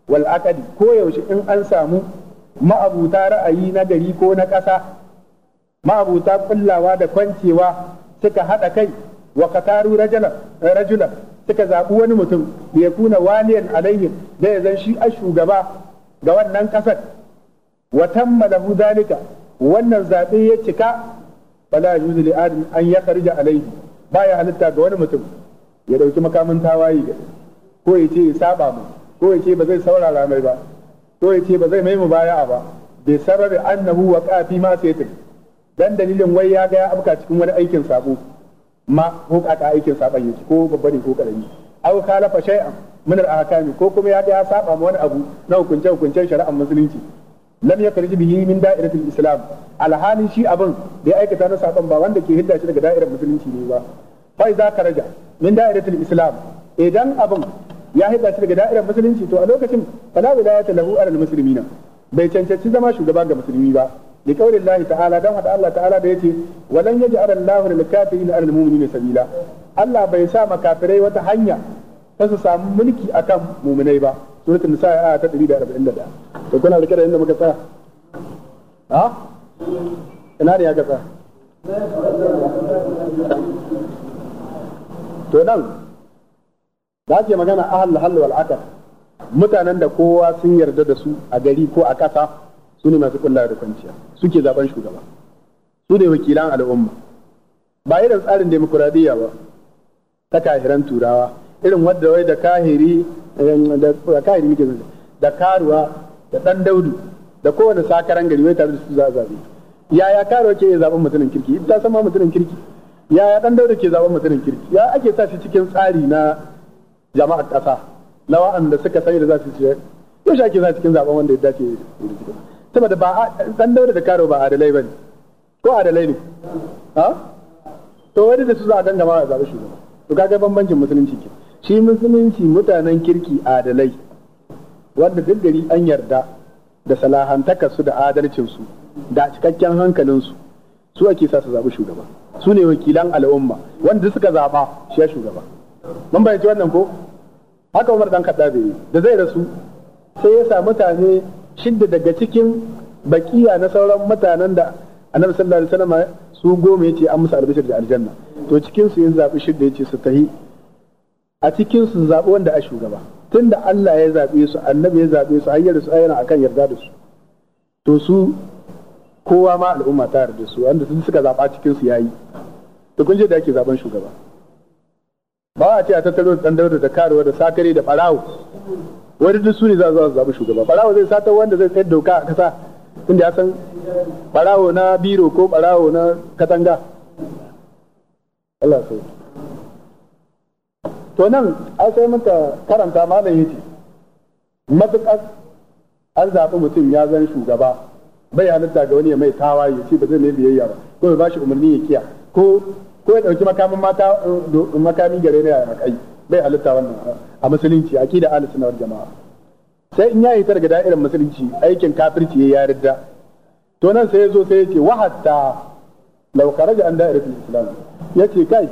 والعقد كو يوشي إن أنسامو ما أبو تارا أي نجري na نكسا ما أبو تار قلا وادا كونتي وا سكا هدا كي وقتارو رجلا رجلا suka zaɓi wani mutum ya kuna waliyan alayhim da ya zan shugaba ga wannan ƙasar wa tamma lahu wannan zaɓe ya cika bala yuzu li an ya karja ba ya halitta ga wani mutum ya dauki makamin tawayi ko ya ce ya saba mu ko ya ce ba zai saurara mai ba ko ya ce ba zai mai mu baya ba bai sarari annahu wa qafi ma saytin dan dalilin wai ya ga ya afka cikin wani aikin sabo ma ko hukata aikin saban yake ko babba ne ko karami aw khalafa shay'an min al-ahkami ko kuma ya ga ya saba ma wani abu na hukunce hukuncen shari'ar musulunci lam yakhrij bihi min da'iratil islam alhali shi abin da ya aikata na saban ba wanda ke hidda daga da'irar musulunci ne ba za ka karaja min da'iratul islam idan abin ya haɗa shi daga da'irar musulunci to a lokacin fala wilayata lahu alal muslimina bai cancanci zama shugaba ga musulmi ba da kaurin Allah ta'ala dan hada Allah ta'ala da yace walan yaj'al Allah lil kafirin alal mu'minina sabila Allah bai sa makafirai wata hanya ta su samu mulki akan mu'minai ba suratul nisa aya ta 141 to kuna rike da inda muka tsaya ha ina ne ya tsaya to nan da ake magana ahal hal wal aqab mutanen da kowa sun yarda da su a gari ko a ƙasa su ne masu kulla da kwanciya suke zaben shugaba su ne wakilan al'umma ba irin tsarin demokuraɗiyya ba ta kahiran turawa irin wadda wai da kahiri da kahiri muke zai da karuwa da ɗan daudu da kowane sakaran gari wai tare da su za a zaɓe yaya karuwa ke zaɓen mutumin kirki ita sama mutumin kirki yaya dan daure ke zaben mutumin kirki ya ake sa shi cikin tsari na jama'ar ƙasa na wa'anda suka sani da za su ce yau shi ake sa cikin zaben wanda ya dace saboda ba dan daure da karo ba adalai bane ko adalai ne ha to wani da su za a ma a zaɓi shi to kaga bambancin musulunci ke shi musulunci mutanen kirki adalai wanda duk gari an yarda da salahantakarsu da adalcinsu da cikakken hankalinsu su ake sa su zaɓi shugaba su ne wakilan al'umma wanda suka zaɓa shi ya shugaba mun bayyanci wannan ko haka Umar dan Khattabi yi da zai rasu sai ya sa mutane shidda daga cikin bakiya na sauran mutanen da Annabi sallallahu alaihi wasallam su goma yace an musu albishir da aljanna to cikin su ya zaɓi shidda yace su tahi a cikin su zaɓi wanda a shugaba tunda Allah ya zaɓe su annabi ya zaɓe su har su ayyana akan yarda da su to su kowa ma al'umma ta yarda su wanda sun suka zaba cikin su yayi to kun je da ake zaben shugaba ba a ce a tattaro da dandaro da karuwa da sakare da farawo wani duk su ne za su zaɓi shugaba farawo zai sata wanda zai tsayar doka a kasa inda ya san farawo na biro ko farawo na katanga Allah sai to nan an sai muka karanta malam yace matuƙar an zaɓi mutum ya zan shugaba bai halitta ga wani ya mai tawaye shi ba zai mai biyayya ba ko ba shi umarni ya kiya ko ko ya dauki makamin mata makami gare ne a makai bai halitta wannan a musulunci aqida ahlus sunna wal jamaa sai in yayi targa da'irar musulunci aikin kafirci ya yarda to nan sai yazo sai yace wa hatta law kharaja an da'iratul islam yace kai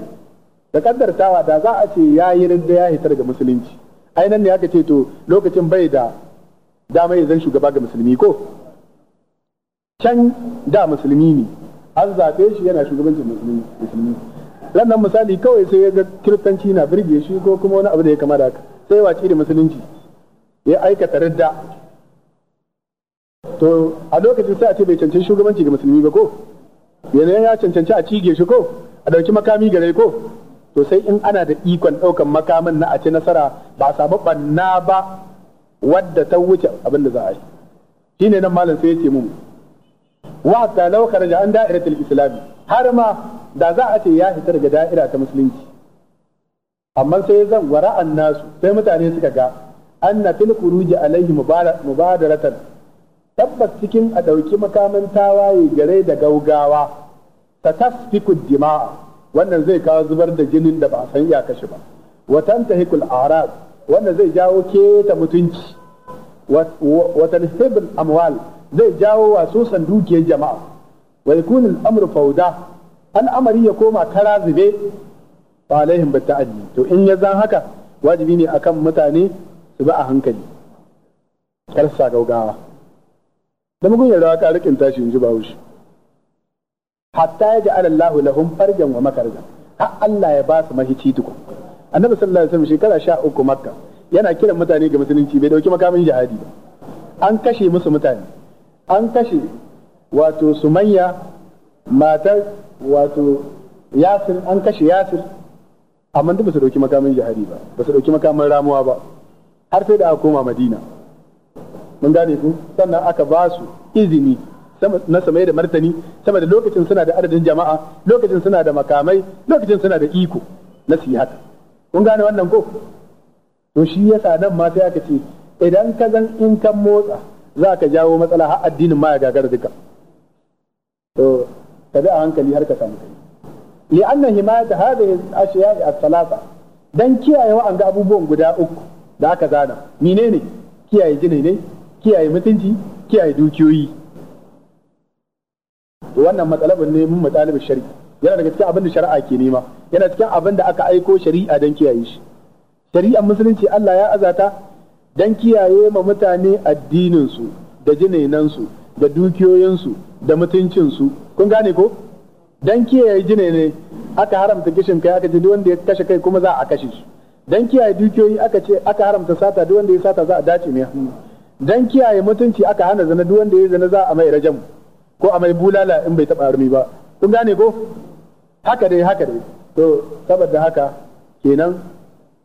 da kaddartawa da za a ce yi ridda ya hitar ga musulunci ai ne aka ce to lokacin bai da dama ya zan shugaba ga musulmi ko can da musulmi ne an zaɓe shi yana shugabancin musulmi lannan misali kawai sai ya ga kiristanci na birge shi ko kuma wani abu da ya kama da haka sai wace da musulunci ya aikata ridda to a lokacin sai a ce bai cancanci shugabanci ga musulmi ba ko yanayin ya cancanci a cige shi ko a ɗauki makami gare ko to sai in ana da ikon ɗaukan makamin na a ce nasara ba a samu banna ba wadda ta wuce abin da za a yi shine nan malam sai ya ce mu wa ta laukar da an da'iratul islami har ma da za a ce ya hitar daga da'ira ta musulunci amma sai zan wara'an nasu sai mutane suka ga anna fil khuruj alaihi mubadaratan tabbas cikin a dauki makaman tawaye gare da gaugawa ta tasfiku dima'a wannan zai kawo zubar da jinin da ba a san iya kashi ba wa Tahikul arad wannan zai jawo keta mutunci wa tanhibul amwal zai jawo wasusan dukiyar jama'a wa yakunu al-amru fawda amari ya koma kara zube fa alaihim ta'addi to in ya zan haka wajibi ne akan mutane su bi a hankali kar sa gaugawa da mugun yarda ka rikin tashi in ji hatta ya ja'ala Allahu lahum farjan wa makarjan har Allah ya ba su mahici duk annabi sallallahu alaihi wasallam shekara 13 makka yana kiran mutane ga musulunci bai dauki makamin jihadi ba an kashe musu mutane an kashe wato sumayya matar wato yasir an kashe yasir amma duk ba su dauki makamin jihadi ba ba su dauki makamin ramuwa ba har sai da aka koma madina mun gane ku sannan aka ba su izini na samai da martani sama da lokacin suna da adadin jama'a lokacin suna da makamai lokacin suna da iko na su haka kun gane wannan ko to shi yasa nan ma sai aka ce idan ka zan in kan motsa za ka jawo matsala har addinin ma ya gagara duka to ka bi a hankali har ka samu kai li anna himayata hadhihi al-ashya'i salasa dan kiyaye wa'anga abubuwan guda uku da aka zana menene kiyaye gine ne kiyaye mutunci kiyaye dukiyoyi To wannan matsalabin ne mun matsalabin shari'a yana daga cikin abin da shari'a ke nema yana cikin abin da aka aiko shari'a don kiyaye shi shari'ar musulunci Allah ya azata don kiyaye ma mutane addininsu da jinenansu da dukiyoyinsu da mutuncinsu kun gane ko don kiyaye jinene aka haramta kishin kai aka ce duk wanda ya kashe kai kuma za a kashe shi Don kiyaye dukiyoyi aka ce aka haramta sata duk wanda ya sata za a dace mai hannu Don kiyaye mutunci aka hana zina duk wanda ya zina za a mai rajam ko a mai bulala in bai taba armi ba kun gane ko haka dai haka dai to saboda haka kenan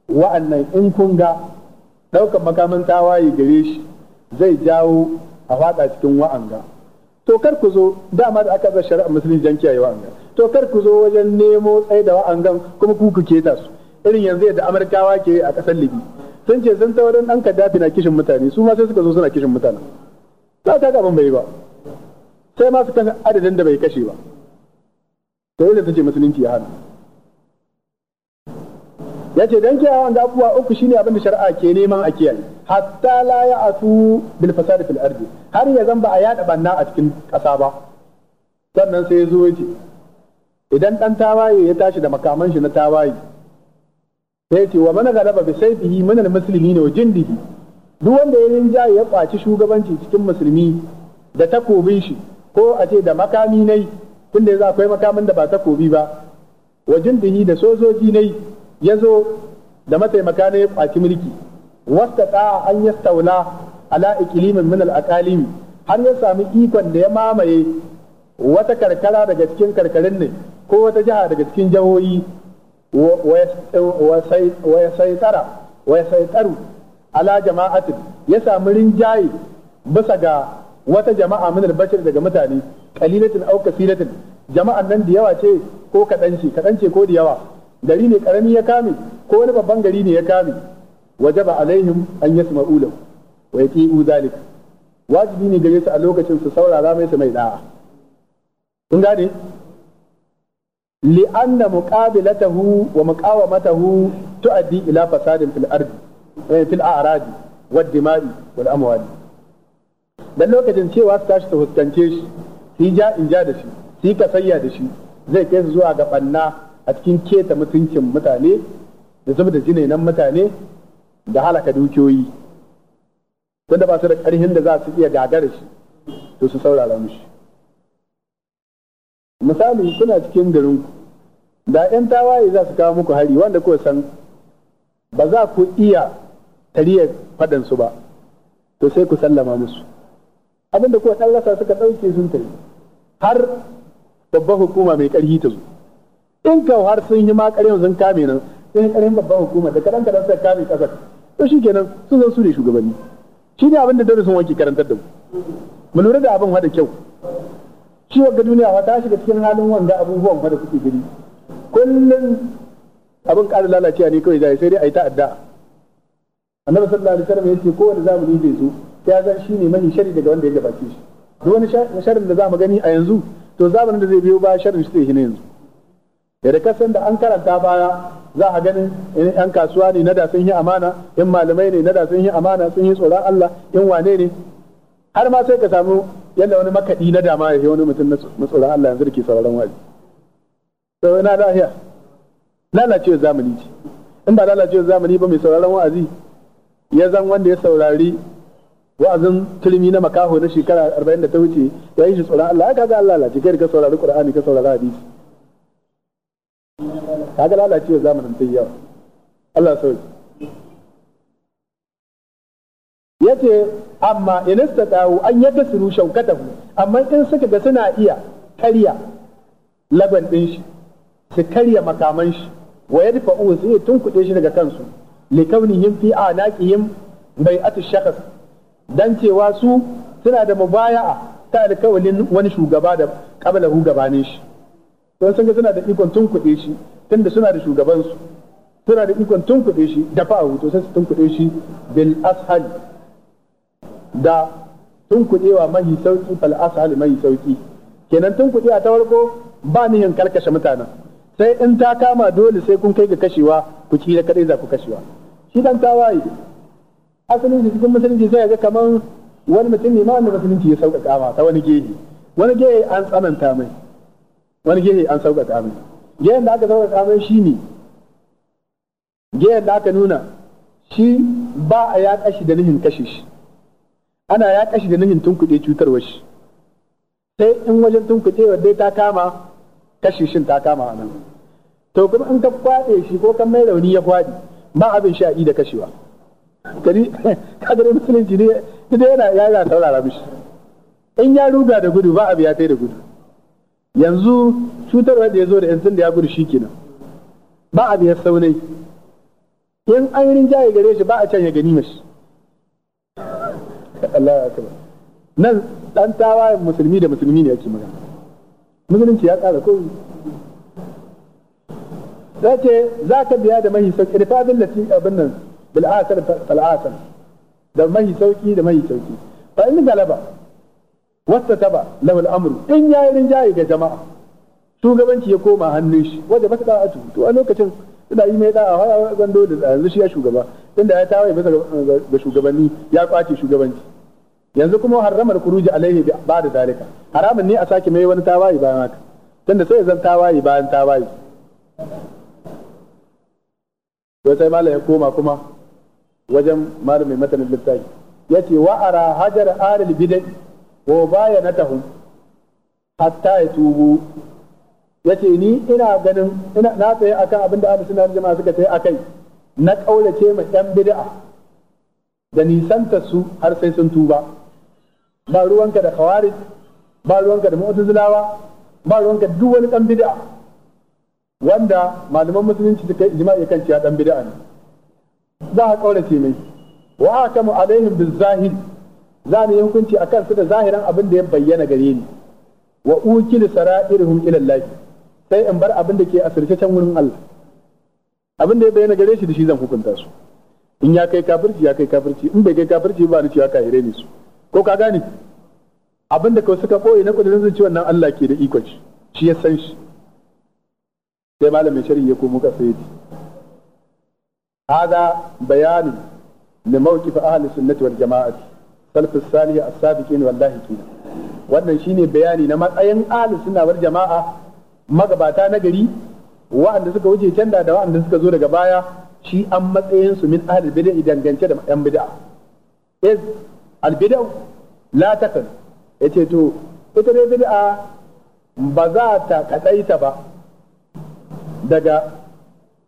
wa'annan in kun ga ɗaukar makamin tawaye gare shi zai jawo a faɗa cikin wa'anga to kar ku zo dama da aka zai shari'ar musulunci jan kiyaye wa'anga to kar ku zo wajen nemo tsaye da wa'angan kuma ku ku keta su irin yanzu yadda amurkawa ke a ƙasar libi sun ce sun ta wurin ɗan kaddafi na kishin mutane su ma sai suka zo suna kishin mutane za ka abin bai ba sai ma su kan adadin da bai kashe ba to yadda sun ce musulunci ya hana Ya ce dan kiyawan wanda abubuwa uku shine abin da shari'a ke neman a kiyaye hatta la asu bil fasad fil ardi har ya zan ba a yada banna a cikin kasa ba sannan sai ya zo yace idan dan tawaye ya tashi da makaman shi na tawaye sai ce wa mana galaba bi sayfihi min al muslimin wa jindihi duk wanda ya rinja ya kwaci shugabanci cikin musulmi da takobin shi ko a ce da makami nai tunda yanzu akwai makamin da ba takobi ba wa jindihi da sojoji nai ya zo da mataimaka na ya kwaci mulki wastata an yastaula ala iqlimin min al-aqalimi har ya sami ikon da ya mamaye wata karkara daga cikin karkarin ne ko wata jiha daga cikin jihohi wa ya saitara wa ya saitaru ala jama'atin ya samu rinjaye bisa ga wata jama'a min al-bashar daga mutane qalilatin aw kasiratin jama'an nan da yawa ce ko kadan ce kadan ce ko da yawa gari ne karami ya kame ko wani babban gari ne ya kame wajaba alaihim an yasma'u lahu wa yati'u zalika wajibi ne gare su a lokacin su saurara mai su mai da'a kun gane li'anna muqabilatahu wa muqawamatahu tu'addi ila fasadin fil ardi eh, fil a'radi wad dima'i wal amwali dan lokacin cewa su tashi su huskance shi su ja in ja da shi ka sayya da shi zai kai su zuwa ga banna a cikin keta mutuncin mutane da zama da jinainan mutane da halaka dukiyoyi wanda ba su da ƙarhin da za su iya gagara shi to su saurara mushi misali kuna cikin garin da 'yan tawaye za su kawo muku hari wanda ko san ba za ku iya tariyar faɗansu ba to sai ku sallama musu abinda kuwa ɗan rasa suka ɗauke sun tare har babbar hukuma mai ƙarfi ta zo in kau har sun yi makare yanzu sun kame nan sai kare babban hukuma da kadan kadan sai kame ƙasar to shi sun zan su ne shugabanni shi ne abin da sun wanke karantar da mu mu lura da abin da kyau shi ga duniya wa ta shiga cikin halin wanda abubuwan fa da kuke gani kullum abin ƙara lalacewa ne kawai zai sai dai a yi ta'adda annabi sallallahu alaihi wasallam yace kowanne zamani zai zo ya zan shi ne mani shari daga wanda ya gabace shi duk wani sharrin da za mu gani a yanzu to zamanin da zai biyo ba sharrin shi zai hina yanzu da kasan da an karanta baya za a ganin in yan kasuwa ne na da sun yi amana in malamai ne na da sun yi amana sun yi tsoron Allah in wane ne har ma sai ka samu yadda wani makaɗi na dama ya wani mutum na tsoron Allah yanzu da ke sauraron waje. to ina lahiya lalacewar zamani ce in ba lalacewar zamani ba mai sauraron wa'azi ya zan wanda ya saurari wa'azin turmi na makaho na shekara arba'in da ta wuce ya yi shi tsoron Allah ya kaga Allah lalace kai da ka saurari Qur'ani ka saurari hadisi kaga lalacewa zamanin ta yawa Allah ya yace amma in tsawo an yakasuru shaukatahu amma in suka ga suna iya karya laban ɗin shi su karya makaman shi wa yadfa'u su tunkuɗe shi daga kansu li yin fi bai bai'atu shakas dan cewa su suna da mubaya'a ta alkawalin wani shugaba da qablahu gabanin shi don sun ga suna da ikon tun kuɗe shi tunda suna da shugabansu suna da ikon tun kuɗe shi da fa to sai su tun kuɗe shi bil ashal da tun kuɗewa mahi sauki fal ashal mahi sauki kenan tun kuɗe ta farko ba yin karkashe mutanen sai in ta kama dole sai kun kai ga kashewa ku da kadai za ku kashewa shi dan tawaye asalin shi cikin musulunci sai ga kaman wani mutum ne ma wanda musulunci ya sauƙaƙa ma ta wani gehe wani gehe an tsananta mai wani gehe an sauƙaƙa mai gehen da aka sauƙaƙa mai shi ne gehen da aka nuna shi ba a ya kashi da nihin kashe shi ana ya kashi da nihin tunkuɗe cutarwa shi sai in wajen tunkuɗe wadda ta kama kashe shin ta kama a nan to kuma in ka kwaɗe shi ko kan mai rauni ya kwaɗi ba abin sha'i da kashewa kari [laughs] kadarin musulunci ne yana ya saurara mishi in ya ruga da gudu ba abu ya tai da gudu yanzu cutarwa da ya zo da yanzu da ya gudu shi kenan ba a biyar saunai in an rinjaye gare shi ba a can ya gani mashi Allah akbar nan dan tawayen musulmi da musulmi ne yake magana musulunci ya ƙara ko za ce za ka biya da mahi sauki da fadin lati abin nan bil'asar fal'asar da mahi sauki da mahi sauki fa in galaba wasta taba lawal amru in yayi rinjaye ga jama'a shugabanci ya koma hannun shi waje ba ta atu to a lokacin ina yi mai da'a waya gando da yanzu shi ya shugaba tunda ya tawaye bisa ga shugabanni ya kwace shugabanci yanzu kuma haramar kuruji alaihi ba da dalika haramun ne a sake mai wani tawaye bayan haka tunda sai zan tawaye bayan tawaye to sai malam ya koma kuma wajen malamin matanin littafi yace wa'ara hajar alil bidai wa bayanatahum hatta yatubu yace ni ina ganin ina na tsaye akan abin da Allah sunan jama'a suka tsaye akai na kaulace ma yan bid'a da nisanta su har sai sun tuba ba ruwanka da khawarij ba ruwanka da mu'tazilawa ba ruwanka duk wani dan bid'a wanda malaman musulunci suka ijma'i kan cewa dan bid'a ne za a kaulace mai wa akamu alaihim bizahir za mu yi hukunci a kansu da zahiran abin da ya bayyana gare ni wa ukil sara'irhum ila Allah sai in bar abin da ke asirce can wurin Allah abin da ya bayyana gare shi da shi zan hukunta su in ya kai kafirci ya kai kafirci in bai kai kafirci ba ni cewa ka hire ni su ko ka gane abin da suka koyi na zan ci wannan Allah ke da ikon shi shi ya san shi sai malamin shari'a ya komo kasa yace hada bayanin li mawqif ahli sunnati jama'a jama'ati salafus salih as-sabiqin wallahi kina wannan shine bayani na matsayin ahlus sunna wal jama'a magabata na gari wa'anda suka wuce canda da wa'anda suka zo daga baya shi an matsayin su min ahlul bid'a dangance da yan bid'a iz al bid'a la takun yace to ita dai bid'a ba za ta kadaita ba daga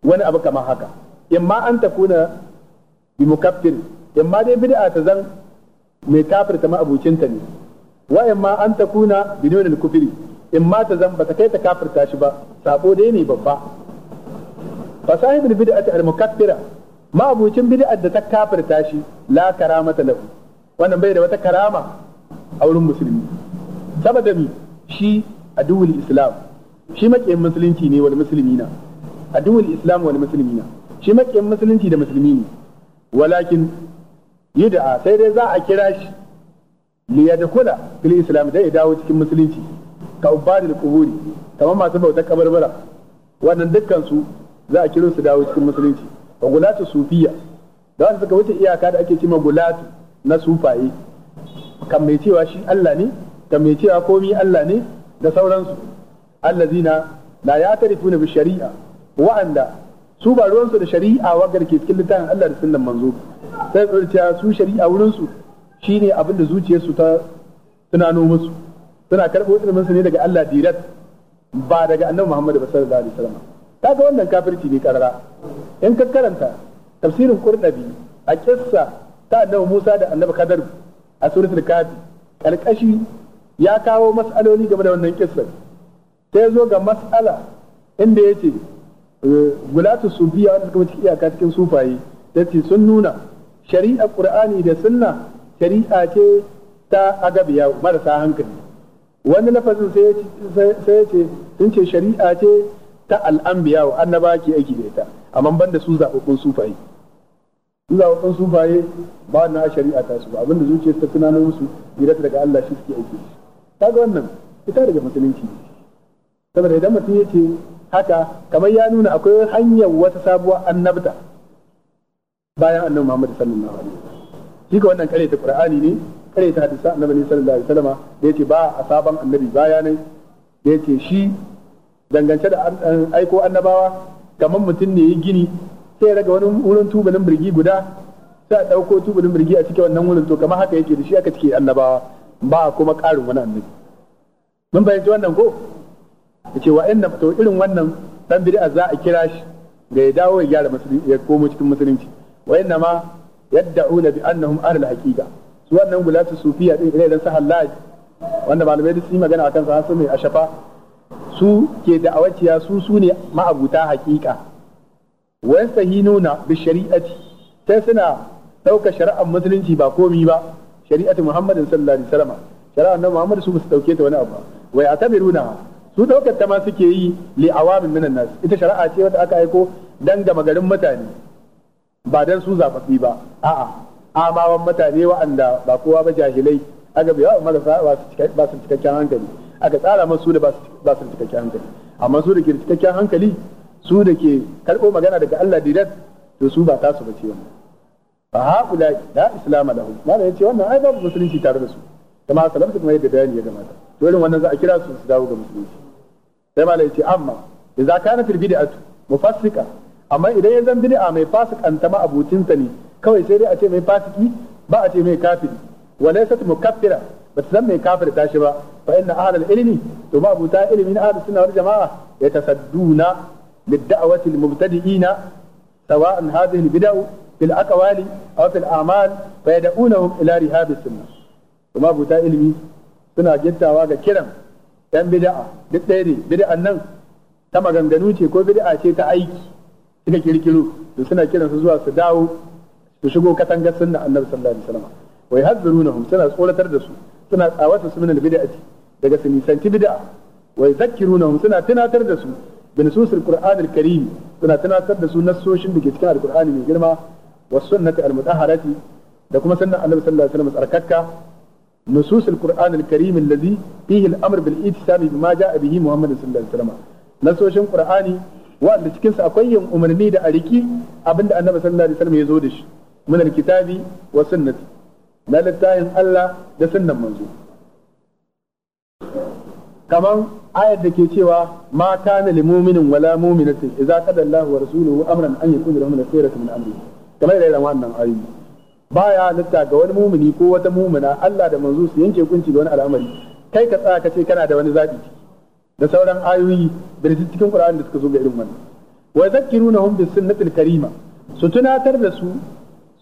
wani abu kamar haka imma an takuna bi mukaffir imma dai bid'a ta zan mai kafirta ma'abucinta ne wa ma an ta kuna al-kufri in ma ta zan ta kai ta kafirta shi ba sabo dai ne babba fa sahibul bid'ati al-mukaffira ma'abucin bid'ar da ta kafirta shi la karamata lahu wannan bai da wata karama a wurin musulmi saboda mi shi aduwul islam shi makiyin musulunci ne wal muslimina aduwul islam wal muslimina shi makiyin musulunci da musulmi ne walakin Yi yud'a sai dai za a kira shi li Kula, fil islam dai ya dawo cikin musulunci ka ubadil quburi kamar masu bautar kabarbara wannan dukkan za a kiro su dawo cikin musulunci wa gulatu sufiya da wanda suka wuce iyaka da ake cima gulatu na sufaye kan mai cewa shi Allah ne kan mai cewa komi Allah ne da sauransu allazina la ya'tarifuna bi shari'a wa'anda su ba ruwansu da shari'a wagar ke cikin littafin Allah da sunnan manzo sai su cewa su shari'a wurin su shine abin da zuciyarsu ta tunano musu suna karɓo ilimin su ne daga Allah direct ba daga annabi Muhammad sallallahu alaihi wasallam kaga wannan kafirci ne karara in ka karanta tafsirin Qurtubi a kissa ta annabi Musa da annabi Khadr a suratul Kafi kalkashi ya kawo mas'aloli game da wannan kissar sai zo ga mas'ala inda yace eh, gulatu sufiya wanda kuma cikin iyaka cikin sufaye yace sun nuna shari'a ƙur'ani da sunna shari'a ce ta agabiya marasa hankali wani lafazin sai ya ce sun ce shari'a ce ta al'ambiya wa annaba ke aiki da ita amma ban da su zaɓaɓɓun sufaye su zaɓaɓɓun sufaye ba na shari'a ta su ba abinda zuciya ta tunano musu direct daga Allah shi suke aiki ta ga wannan fita daga musulunci saboda idan mutum ya ce haka kamar ya nuna akwai hanyar wata sabuwar annabta bayan annabi Muhammad sallallahu alaihi wasallam shi ga wannan kare ta Qur'ani ne kare ta hadisi annabi sallallahu alaihi wasallama da yake ba a sabon annabi baya ne da yake shi dangance da aiko annabawa kamar mutum ne yi gini sai ya raga wani wurin tubalin birgi guda sai a dauko tubalin birgi a cikin wannan wurin to kamar haka yake da shi aka cike annabawa ba kuma ƙarin wani annabi mun bayyana wannan ko yace wa inna to irin wannan dan bid'a za a kira shi ga ya dawo ya gyara musulunci ya komo cikin musulunci wa inna ma yad'una bi annahum ahlul haqiqa su wannan gulatu sufiya din irin su hallaj wanda malamai sun yi magana akan sa su mai ashafa su ke da awaciya su su ne ma'abuta haqiqa wa yastahinuna shari'ati sai suna dauka shari'ar musulunci ba komi ba shari'atu muhammadin sallallahu alaihi wasallam shari'ar nan su su ta wani su daukar ta ma suke yi li awamin minan nas ita shari'a ce wata aka aiko dan gama garin mutane ba dan su zafafi ba a'a amawan mutane wa'anda ba kowa ba jahilai aka biya marasa ba su cikakken hankali aka tsara masu da ba su cikakken hankali amma su da ke cikakken hankali su da ke karɓo magana daga Allah didat to su ba tasu bace wannan fa haula la islama lahum malam yace wannan ai babu musulunci tare da su kama salamta kuma yadda bayani ya gamata to irin wannan za a kira su su dawo ga musulunci sai malam yace amma idza kana fil bid'atu mufassika amma idan ya zan bid'a mai fasikanta ma abocinsa ne kawai sai dai a ce mai fasiki ba a ce mai kafiri walaysat mukaffira ba ta san mai kafir ta shi ba fa inna ahlul ilmi to ma abuta ilmi na ahlus sunna wal jamaa yatasadduna lid-da'wati al-mubtadi'ina sawa'an hadhihi al-bid'u fil aqwali aw fil a'mal fa yad'unahum ila rihab as-sunnah to ma abuta ilmi suna gittawa ga kiran yan bid'a duk ɗaya ne bid'an nan ta maganganu ce ko bid'a ce ta aiki suka kirkiro da suna kiran su zuwa su dawo su shigo katangar sunna annabi sallallahu alaihi wasallam wa yahzarunahum suna tsoratar da su suna tsawata su minal bid'ati daga su nisanci bid'a wa yadhkirunahum suna tunatar da su bin susul qur'an al-karim suna tunatar da su nassoshin da ke cikin alqur'ani mai girma wa sunnati al-mutahharati da kuma sunnan annabi sallallahu alaihi wasallam tsarkakka نصوص القرآن الكريم الذي فيه الأمر بالإتسام بما جاء به محمد صلى الله عليه وسلم نصوص القرآن wanda cikin su akwai yin umarni da ariki abinda annabi sallallahu alaihi wasallam ya zo da shi min alkitabi wa sunnati na littafin Allah da sunnan manzo kaman ayar da ke cewa ma kana lil mu'minin wala mu'minatin idza qada Allahu wa rasuluhu amran an yakuna lahum khayratun min amri kamar da wannan ayoyi baya halitta ga wani mumini ko wata mumina Allah da manzo su yanke hukunci ga wani al'amari kai ka tsaya ka ce kana da wani zabi da sauran ayoyi da su cikin Qur'ani da suka zo ga irin wannan wa zakkirunahum bis sunnatil karima su tunatar da su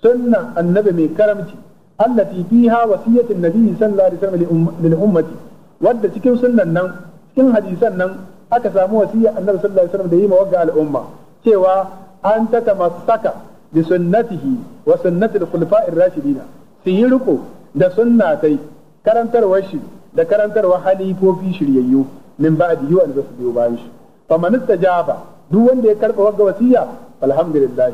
sunna annabi mai karamci allati fiha wasiyatun nabi sallallahu alaihi wasallam um-, lil ummati wadda cikin sunnan nan cikin hadisan nan aka samu wasiya annabi sallallahu alaihi wasallam da yi mawagga al'umma cewa an tatamassaka bi sunnatihi wa sunnati al-khulafa'ir rashidina su yi riko da sunnatai karantarwar shi da karantarwar halifofi shiryayyu min ba'dihi wa su biyo bayan shi faman istajaba duk wanda ya karba wagga wasiya alhamdulillah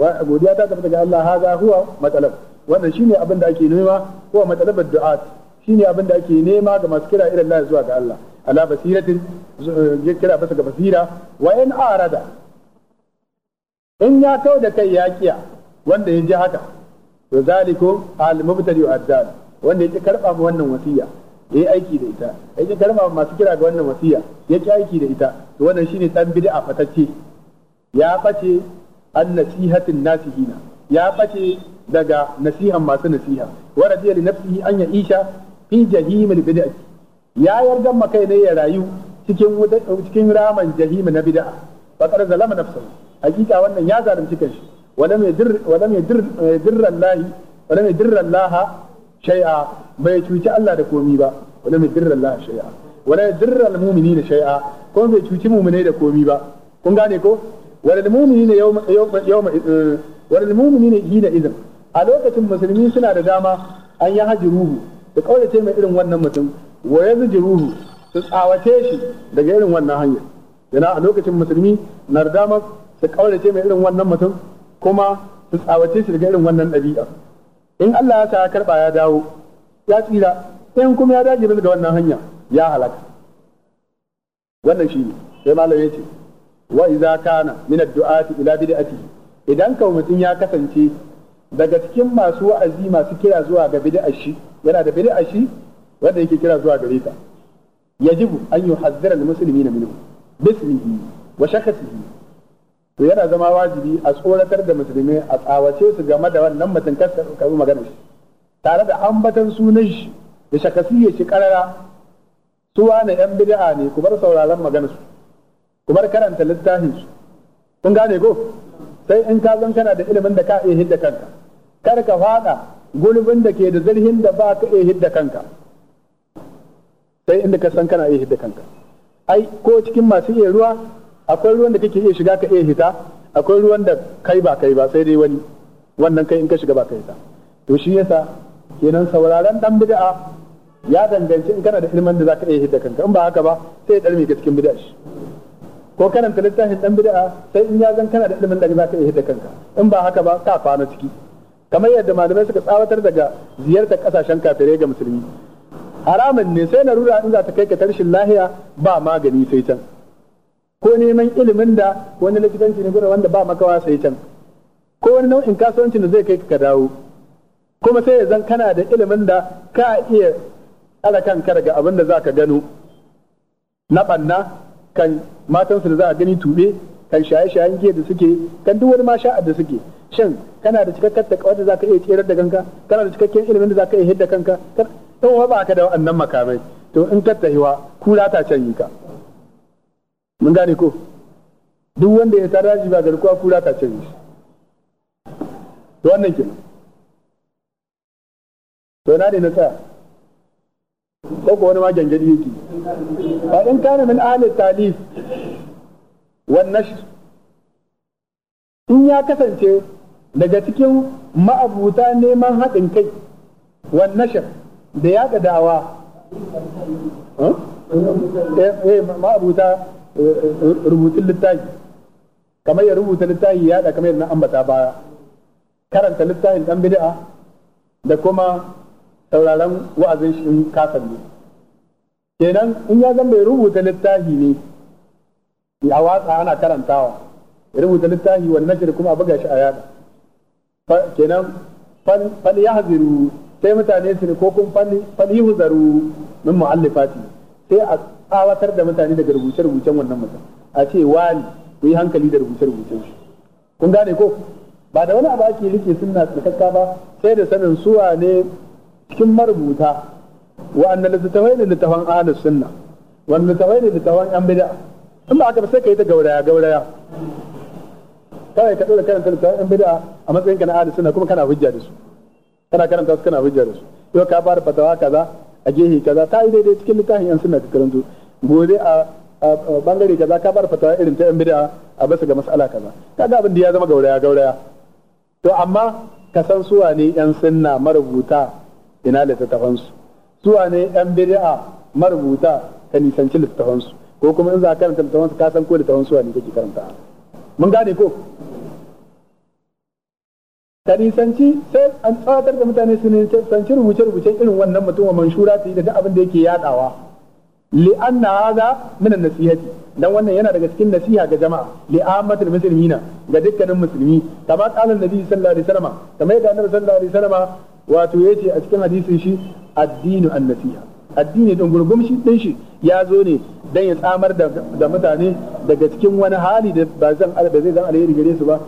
wa godiya ta tafi daga Allah haza huwa matalab wannan shine abin da ake nema huwa matalabar du'at shine abin da ake nema ga masu kira irin Allah zuwa ga Allah ala basiratin ya eh, kira basa ga basira wa in arada in ya kau da kai ya kiya wanda ya ji haka to zaliko al mubtadi wa wanda ya ki karba wannan wasiya ya yi aiki da ita ya ji karma masu kira ga wannan wasiya ya ci aiki da ita to wannan shine dan bid'a fatacce ya face an nasihatin nasihina ya face daga nasihan masu nasiha wa radiya li nafsihi an ya isha fi jahimil bid'a ya yarda makai ne ya rayu cikin cikin raman jahim na bid'a faqad zalama nafsahu hakika wannan ya zalunci kanshi wala mai dir wala mai dir eh, dirra Allah wala mai dirra Allah shay'a bai cuci Allah da komi ba wala mai dirra Allah shay'a wala dirra al-mu'minina shay'a ko bai cuci mu'minai da komi ba kun gane ko wala al-mu'minina yawma eh, hina idan a lokacin musulmi suna da dama an yi hajiruhu da kaurace mai irin wannan mutum su tsawace shi daga irin wannan hanyar yana a lokacin musulmi na da dama su kaurace mai irin wannan mutum kuma su tsawace shi daga irin wannan ɗabi'a in Allah ya karba ya dawo ya tsira in kuma ya dage daga wannan hanya ya halaka wannan shi sai malam ya ce wa idza kana min ad-du'ati ila bid'ati idan ka mutum ya kasance daga cikin masu wa'azi masu kira zuwa ga bid'ar shi yana da bid'ar shi wanda yake kira zuwa gare ta yajibu an yuhazzira al-muslimina minhu bismihi wa shakhsihi to yana zama wajibi a tsoratar da musulmi a tsawace su game da wannan mutum kar ka bi magana shi tare da ambatan sunan shi da shakasiyar shi karara su wane yan bid'a ne ku bar sauraron magana su ku bar karanta littafin su kun gane ko sai in ka zan kana da ilimin da ka iya hidda kanka kar ka fada gulbin da ke da zarhin da ba ka iya hidda kanka sai inda ka san kana iya hidda kanka ai ko cikin masu iya ruwa akwai ruwan da kake iya shiga ka iya hita akwai ruwan da kai ba kai ba sai dai wani wannan kai in ka shiga ba kai ta to shi yasa kenan sauraron dan bid'a ya danganci in kana da ilimin da zaka iya hita kanka in ba haka ba sai ya mai cikin bid'a shi ko da littafin dan bid'a sai in ya zan kana da ilimin da zaka iya hita kanka in ba haka ba ka kwana ciki kamar yadda malamai suka tsawatar daga ziyartar kasashen kafirai ga musulmi haramun ne sai na rura in za ta kai ka tarshin lahiya ba magani sai can ko neman ilimin da wani likitanci ne gurin wanda ba makawa sai can ko wani nau'in kasuwanci da zai kai ka dawo kuma sai ya zan kana da ilimin da ka iya ala kanka daga abin da za ka gano na banna kan matansu da za a gani tube kan shaye-shayen giya da suke kan duk wani ma sha'ar da suke shin kana da cikakken takawar da za ka iya tserar da kanka kana da cikakken ilimin da za ka iya hidda kanka kan ba ka da wannan makamai to in ka tahiwa kura ta canyi ka mun gane ko duk wanda ya tara ba garkuwa kura ka canji shi to wannan kenan to na ne na tsaya ko ko wani ma gangadi yake fa in kana min ahli talif wan nashr in ya kasance daga cikin ma'abuta neman haɗin kai wan nashr da ya ga dawa eh, eh ma'abuta rubutun littafi kamar ya rubuta littafi ya da kamar na ambata baya karanta littafin dan bid'a da kuma sauraron wa'azin shi kafin ne kenan in ya zama ya rubuta littafi ne ya watsa ana karantawa ya rubuta littafi wani nashir kuma a buga shi a yada kenan fal ya haziru sai mutane su ne ko kun fal yi huzaru min mu'allifati sai a tsawatar da mutane daga rubuce-rubucen wannan mutum a ce wani ku yi hankali da rubuce-rubucen shi kun gane ko ba da wani abu ake rike suna tsarkaka ba sai da sanin suwa ne cikin marubuta wa'annan littattafai ne littattafan ahlus sunna wannan littattafai ne littattafan yan bid'a in ba aka ba sai ka yi ta gauraya gauraya kawai ka dora karanta littattafan yan bid'a a matsayin ka na ahlus sunna kuma kana hujja da su kana karanta su kana hujja da su yau ka fara fatawa kaza a gehe kaza ta yi daidai cikin littafin yan suna ka karanto gobe a bangare kaza ka bar fatawa irin ta yan bid'a a basu ga mas'ala kaza kaga abin da ya zama gauraya gauraya to amma ka san suwa ne yan sunna marubuta ina littattafan su suwa ne yan bid'a marubuta ka nisanci littattafan su ko kuma in za ka karanta littattafan su ka san ko littattafan suwa ne kake karanta mun gane ko ka nisanci sai an tsawatar da mutane su nisanci rubuce-rubuce irin wannan mutum wa manshura ta yi daga abin da yake yadawa na hadha min an-nasihati dan wannan yana daga cikin nasiha ga jama'a li'ammatul na ga dukkanin musulmi kama qala nabi sallallahu alaihi wasallam kamar yadda annabi sallallahu alaihi wasallam wato yace a cikin hadisin shi addinu an-nasiha addini don gurgum shi din shi ya zo ne dan ya tsamar da mutane daga cikin wani hali da ba zan ba zai zan alheri gare su ba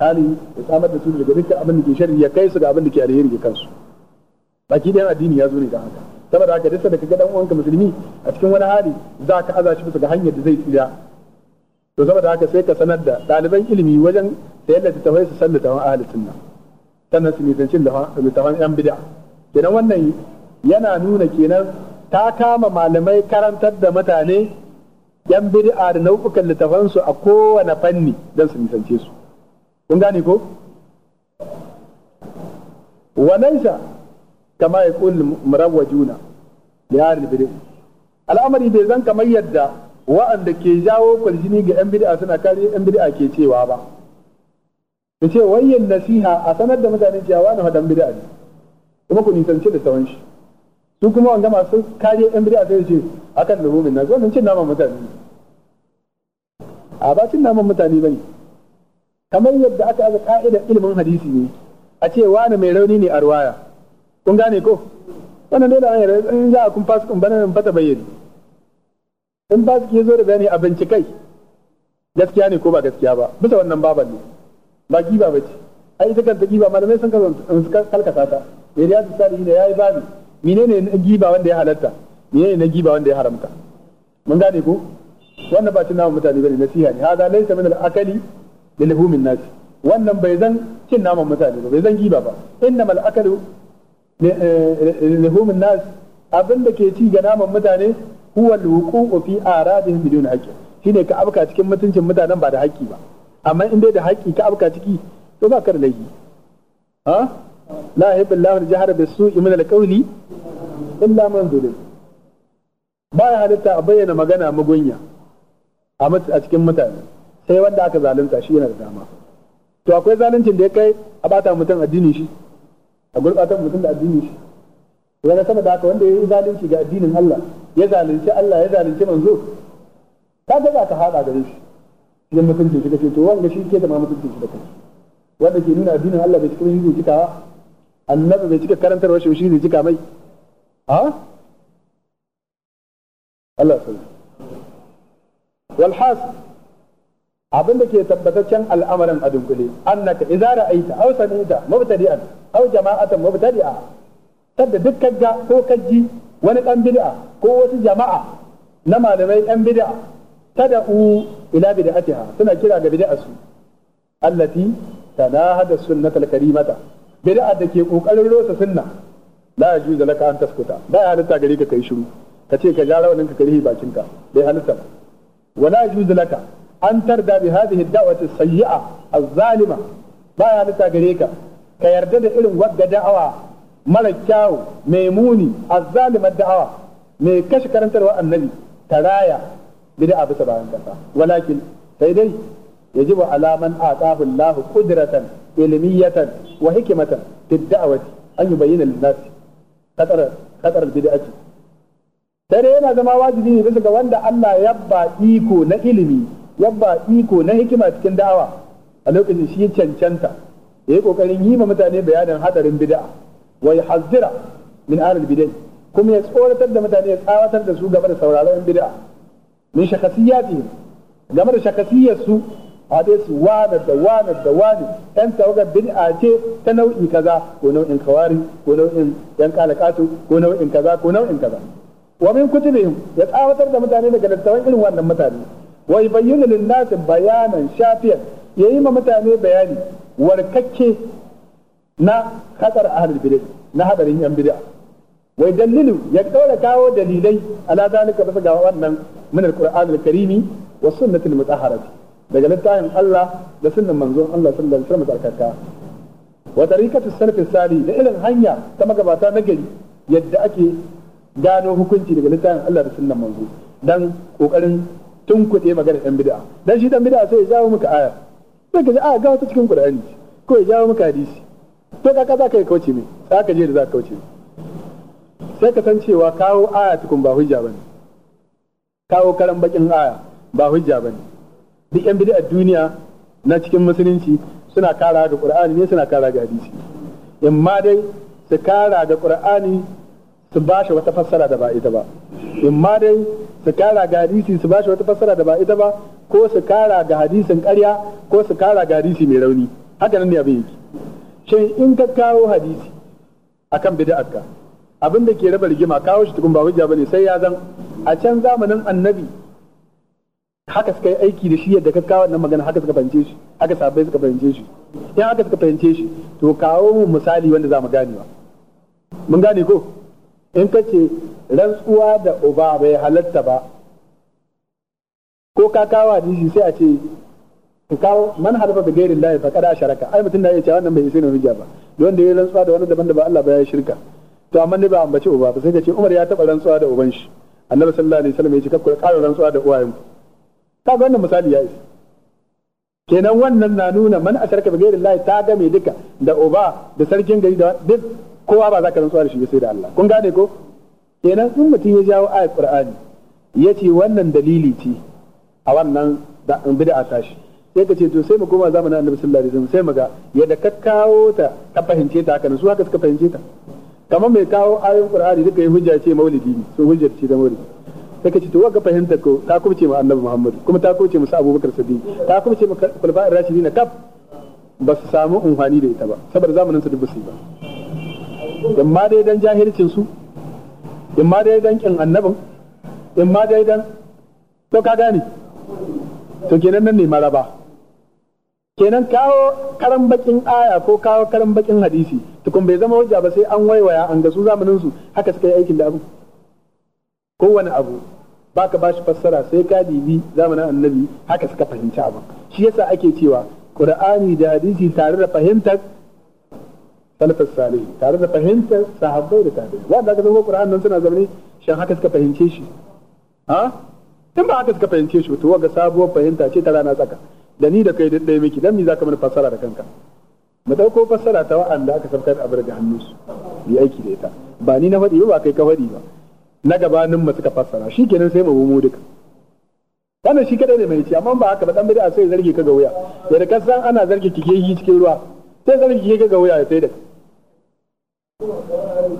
tsari ya samar da su daga dukkan abin da ke shari ya kai su ga abin da ke alheri ga kansu baki ɗayan addini ya zo ne ga haka saboda haka duk da kaga dan uwanka musulmi a cikin wani hali za ka aza shi bisa ga hanyar da zai tsira to saboda haka sai ka sanar da ɗaliban ilimi wajen sayar da tafai su san littafin ahli sunna sannan su da tawan yan bid'a kenan wannan yana nuna kenan ta kama malamai karantar da mutane yan bid'a da nau'ukan littafansu a kowane fanni don su nisance su kun gane ko wannan sha kama ya kulli murawajuna da ahli bid'a al'amari bai zan kamar yadda wa'anda ke jawo kwaljini ga yan bid'a suna kare yan bid'a ke cewa ba su ce wayyan nasiha a sanar da mutane cewa wani hadan bid'a ne kuma ku nisanci da sauran shi su kuma wanga masu kare yan bid'a sai ce akan na nasu wannan cin naman mutane a ba cin naman mutane bane kamar yadda aka aza ka'idar ilimin hadisi ne a ce wani mai rauni ne a ruwaya kun gane ko wannan dole an yarda in za a kun fasu kun bana fata bayyana in ba ke zo da bayani a bincikai gaskiya ne ko ba gaskiya ba bisa wannan baban ne ba giba ba ce ai ita kanta giba malamai sun kalkata ta ya riya su salihi ne yayi babi menene na giba wanda ya halatta menene na giba wanda ya haramta mun gane ko wannan ba cin namu mutane bane nasiha ne hada laysa min al-akali lilhumin nas wannan bai zan cin naman mutane ba bai zan giba ba innamal akalu lilhumin nas abin da ke ci ga naman mutane huwa alwuqu'u fi aradihim bidun haqqi shine ka abka cikin mutuncin mutanen ba da haƙƙi ba amma in dai da haƙƙi ka abka ciki to ba ka da laifi ha la yahibbullahu al-jahra bis-su'i min al-qawli illa man zulim ba ya halitta a bayyana magana magunya a cikin mutane sai wanda aka zalunta shi yana da dama to akwai zaluncin da ya kai a bata mutum addini shi a gurbatar mutum da addini shi wani sama da haka wanda ya yi zalunci ga addinin Allah ya zalunci Allah ya zalunci manzo ka ga za ka haɗa gare shi idan mutuncin shi kace to wanda shi ke da ma mutuncin shi da kai wanda ke nuna addinin Allah bai cika yi zai cika annabi bai cika karantarwa shi zai cika mai ha Allah sallallahu alaihi wasallam abin da ke tabbataccen al'amarin a dunkule annaka idza ra'aita aw samita mubtadi'an aw jama'atan mubtadi'a tadda duk kagga ko kajji wani dan bid'a ko wasu jama'a na malamai yan bid'a tada'u ila bid'atiha suna kira ga bid'arsu allati tanahada sunnatal karimata bid'a da ke kokarin rosa sunna la yajuzu laka an taskuta ba ya halitta gari ka kai shiru ka ce ka ja rawanin ka karihi bakin ka bai halitta wala yajuzu laka an tarda bi hadhihi da'wati sayyi'a az-zalima baya nisa gare ka ka yarda da irin wadda da'awa mara kyawu mai muni az-zalimar da'awa mai kashe karantarwa annabi taraya bid'a bisa bayan kasa walakin sai dai yajibu alaman atahu Allah qudratan ilmiyatan wa hikmatan fi da'wati an yubayyana lin-nas qatar qatar bid'ati dare yana zama wajibi ne bisa ga wanda Allah ya ba iko na ilimi yabba iko na hikima cikin da'awa a lokacin shi cancanta ya yi kokarin yi ma mutane bayanin hadarin bid'a wa hazira min ahlil bida'i? kuma ya tsoratar da mutane ya tsawatar da su game da sauraron bid'a min shakasiyati game da shakasiyar su hade su wane da wane da wane yan tawagar bid'a ce ta nau'i kaza ko nau'in kawari ko nau'in yan kalakatu ko nau'in kaza ko nau'in kaza wa min kutubihim ya tsawatar da mutane daga littafan irin wannan mutane wa bayyana lin-nasi bayanan shafiyan yayi ma mutane bayani warkakke na hadar ahlul bid'ah na hadarin yan bid'ah wai dalilu ya kaura kawo dalilai ala zalika bisa ga wannan min al karimi wa sunnatil mutahharati daga littafin Allah da sunnan manzon Allah sallallahu alaihi wasallam wa tariqatu salafi salih da irin hanya ta magabata na gari yadda ake gano hukunci daga littafin Allah da sunnan manzo dan kokarin tun kuɗe magana ɗan bida'a dan shi ɗan bida'a sai ya jawo maka aya sai ka ji a ah, ga wata cikin ƙur'ani ko ya jawo maka hadisi to ka za ka kauce ne za ka je da za ka kauce sai ka san cewa kawo aya tukun ba hujja bane kawo karan bakin aya ba hujja bane duk ɗan bida'a duniya na cikin musulunci suna kara ga ƙur'ani ne suna kara ga hadisi amma dai su kara ga ƙur'ani. su ba shi wata fassara da ba ita ba in ma dai su kara ga hadisi su ba shi wata fassara da ba ita ba ko su kara ga hadisin ƙarya ko su kara ga hadisi mai rauni haka nan ne abin yake shin in ka kawo hadisi akan bid'arka abin da ke raba rigima kawo shi tukun ba hujja bane sai ya zan a can zamanin annabi haka suka yi aiki da shi yadda ka kawo wannan magana haka suka fahimce shi haka sabai suka fahimce shi in haka suka fahimce shi to kawo mu misali wanda za mu ganewa mun gane ko in ka ce rantsuwa da uba bai halatta ba ko ka kawo hadisi sai a ce ka kawo man halafa da gairin layi fa kada sharaka ai mutum da ya ce wannan bai isa na hujja ba don da ya rantsuwa da wani daban da ba Allah ba ya shirka to amma ne ba an bace uba ba sai ka ce Umar ya taba rantsuwa da uban shi Annabi sallallahu alaihi wasallam ya ce kakkura ƙara rantsuwa da uwayen ku kaga wannan misali ya isa kenan wannan na nuna man asharka bi gairin layi ta game duka da uba da sarkin gari da duk kowa ba za ka rantsuwa da shi sai da Allah kun gane ko kenan in mutum ya jawo ayat qur'ani ya ce wannan dalili ce a wannan bid'a tashi sai ka ce to sai mu koma zamanin annabi sallallahu alaihi wasallam sai mu ga yadda ka kawo ta ka fahimce ta haka su haka suka fahimce ta kamar mai kawo ayoyin qur'ani duka yi hujja ce maulidi ne su hujjar ce da maulidi sai ka ce to waka fahimta ko ta kubce mu annabi muhammad kuma ta kubce mu sa abubakar siddiq ta kubce mu kulfa'ir na kaf ba su samu unhani da ita ba saboda zamanin su duk ba su yi ba in ma dai dan jahilcin su in ma dai dan kin annabin in ma dai dan to ka gane to kenan nan ne maraba kenan kawo karan bakin aya ko kawo karan bakin hadisi kun bai zama hujja ba sai an waiwaya an ga su zamanin su haka suka yi aikin da abu kowane abu baka bashi fassara sai ka dibi zamanin annabi haka suka fahimci abu shi yasa ake cewa qur'ani da hadisi tare da fahimtar salafus salih tare da fahimtar sahabbai da tabi'i wa aka zama qur'an nan suna zaune shin haka suka fahimce shi ha in ba haka suka fahimce shi to ga sabuwar fahimta ce ta rana tsaka da ni da kai da ɗaya miki dan mi zaka mana fassara da kanka mu dauko fassara ta wa'anda aka sabkar abu hannu su bi aiki da ita ba ni na faɗi ba kai ka faɗi ba na gabanin mu suka fassara shikenan sai mu mu duka wannan shi kadai ne mai ci amma ba haka ba dan a sai zargi ka ga wuya da kasan ana zargi kike yi cikin ruwa sai zargi kike ga wuya sai da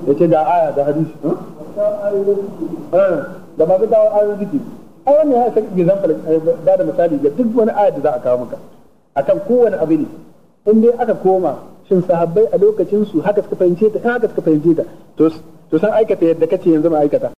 yace ga aya da hadisi eh, da ba zai dawo ayoyin zikiri a wani ya san gizan eh, ba da misali ga duk wani aya da za a kawo maka akan kowane abu ne in dai aka koma shin sahabbai a lokacin su haka suka fahimce ta haka suka fahimce ta to san aikata yadda kace yanzu ma aikata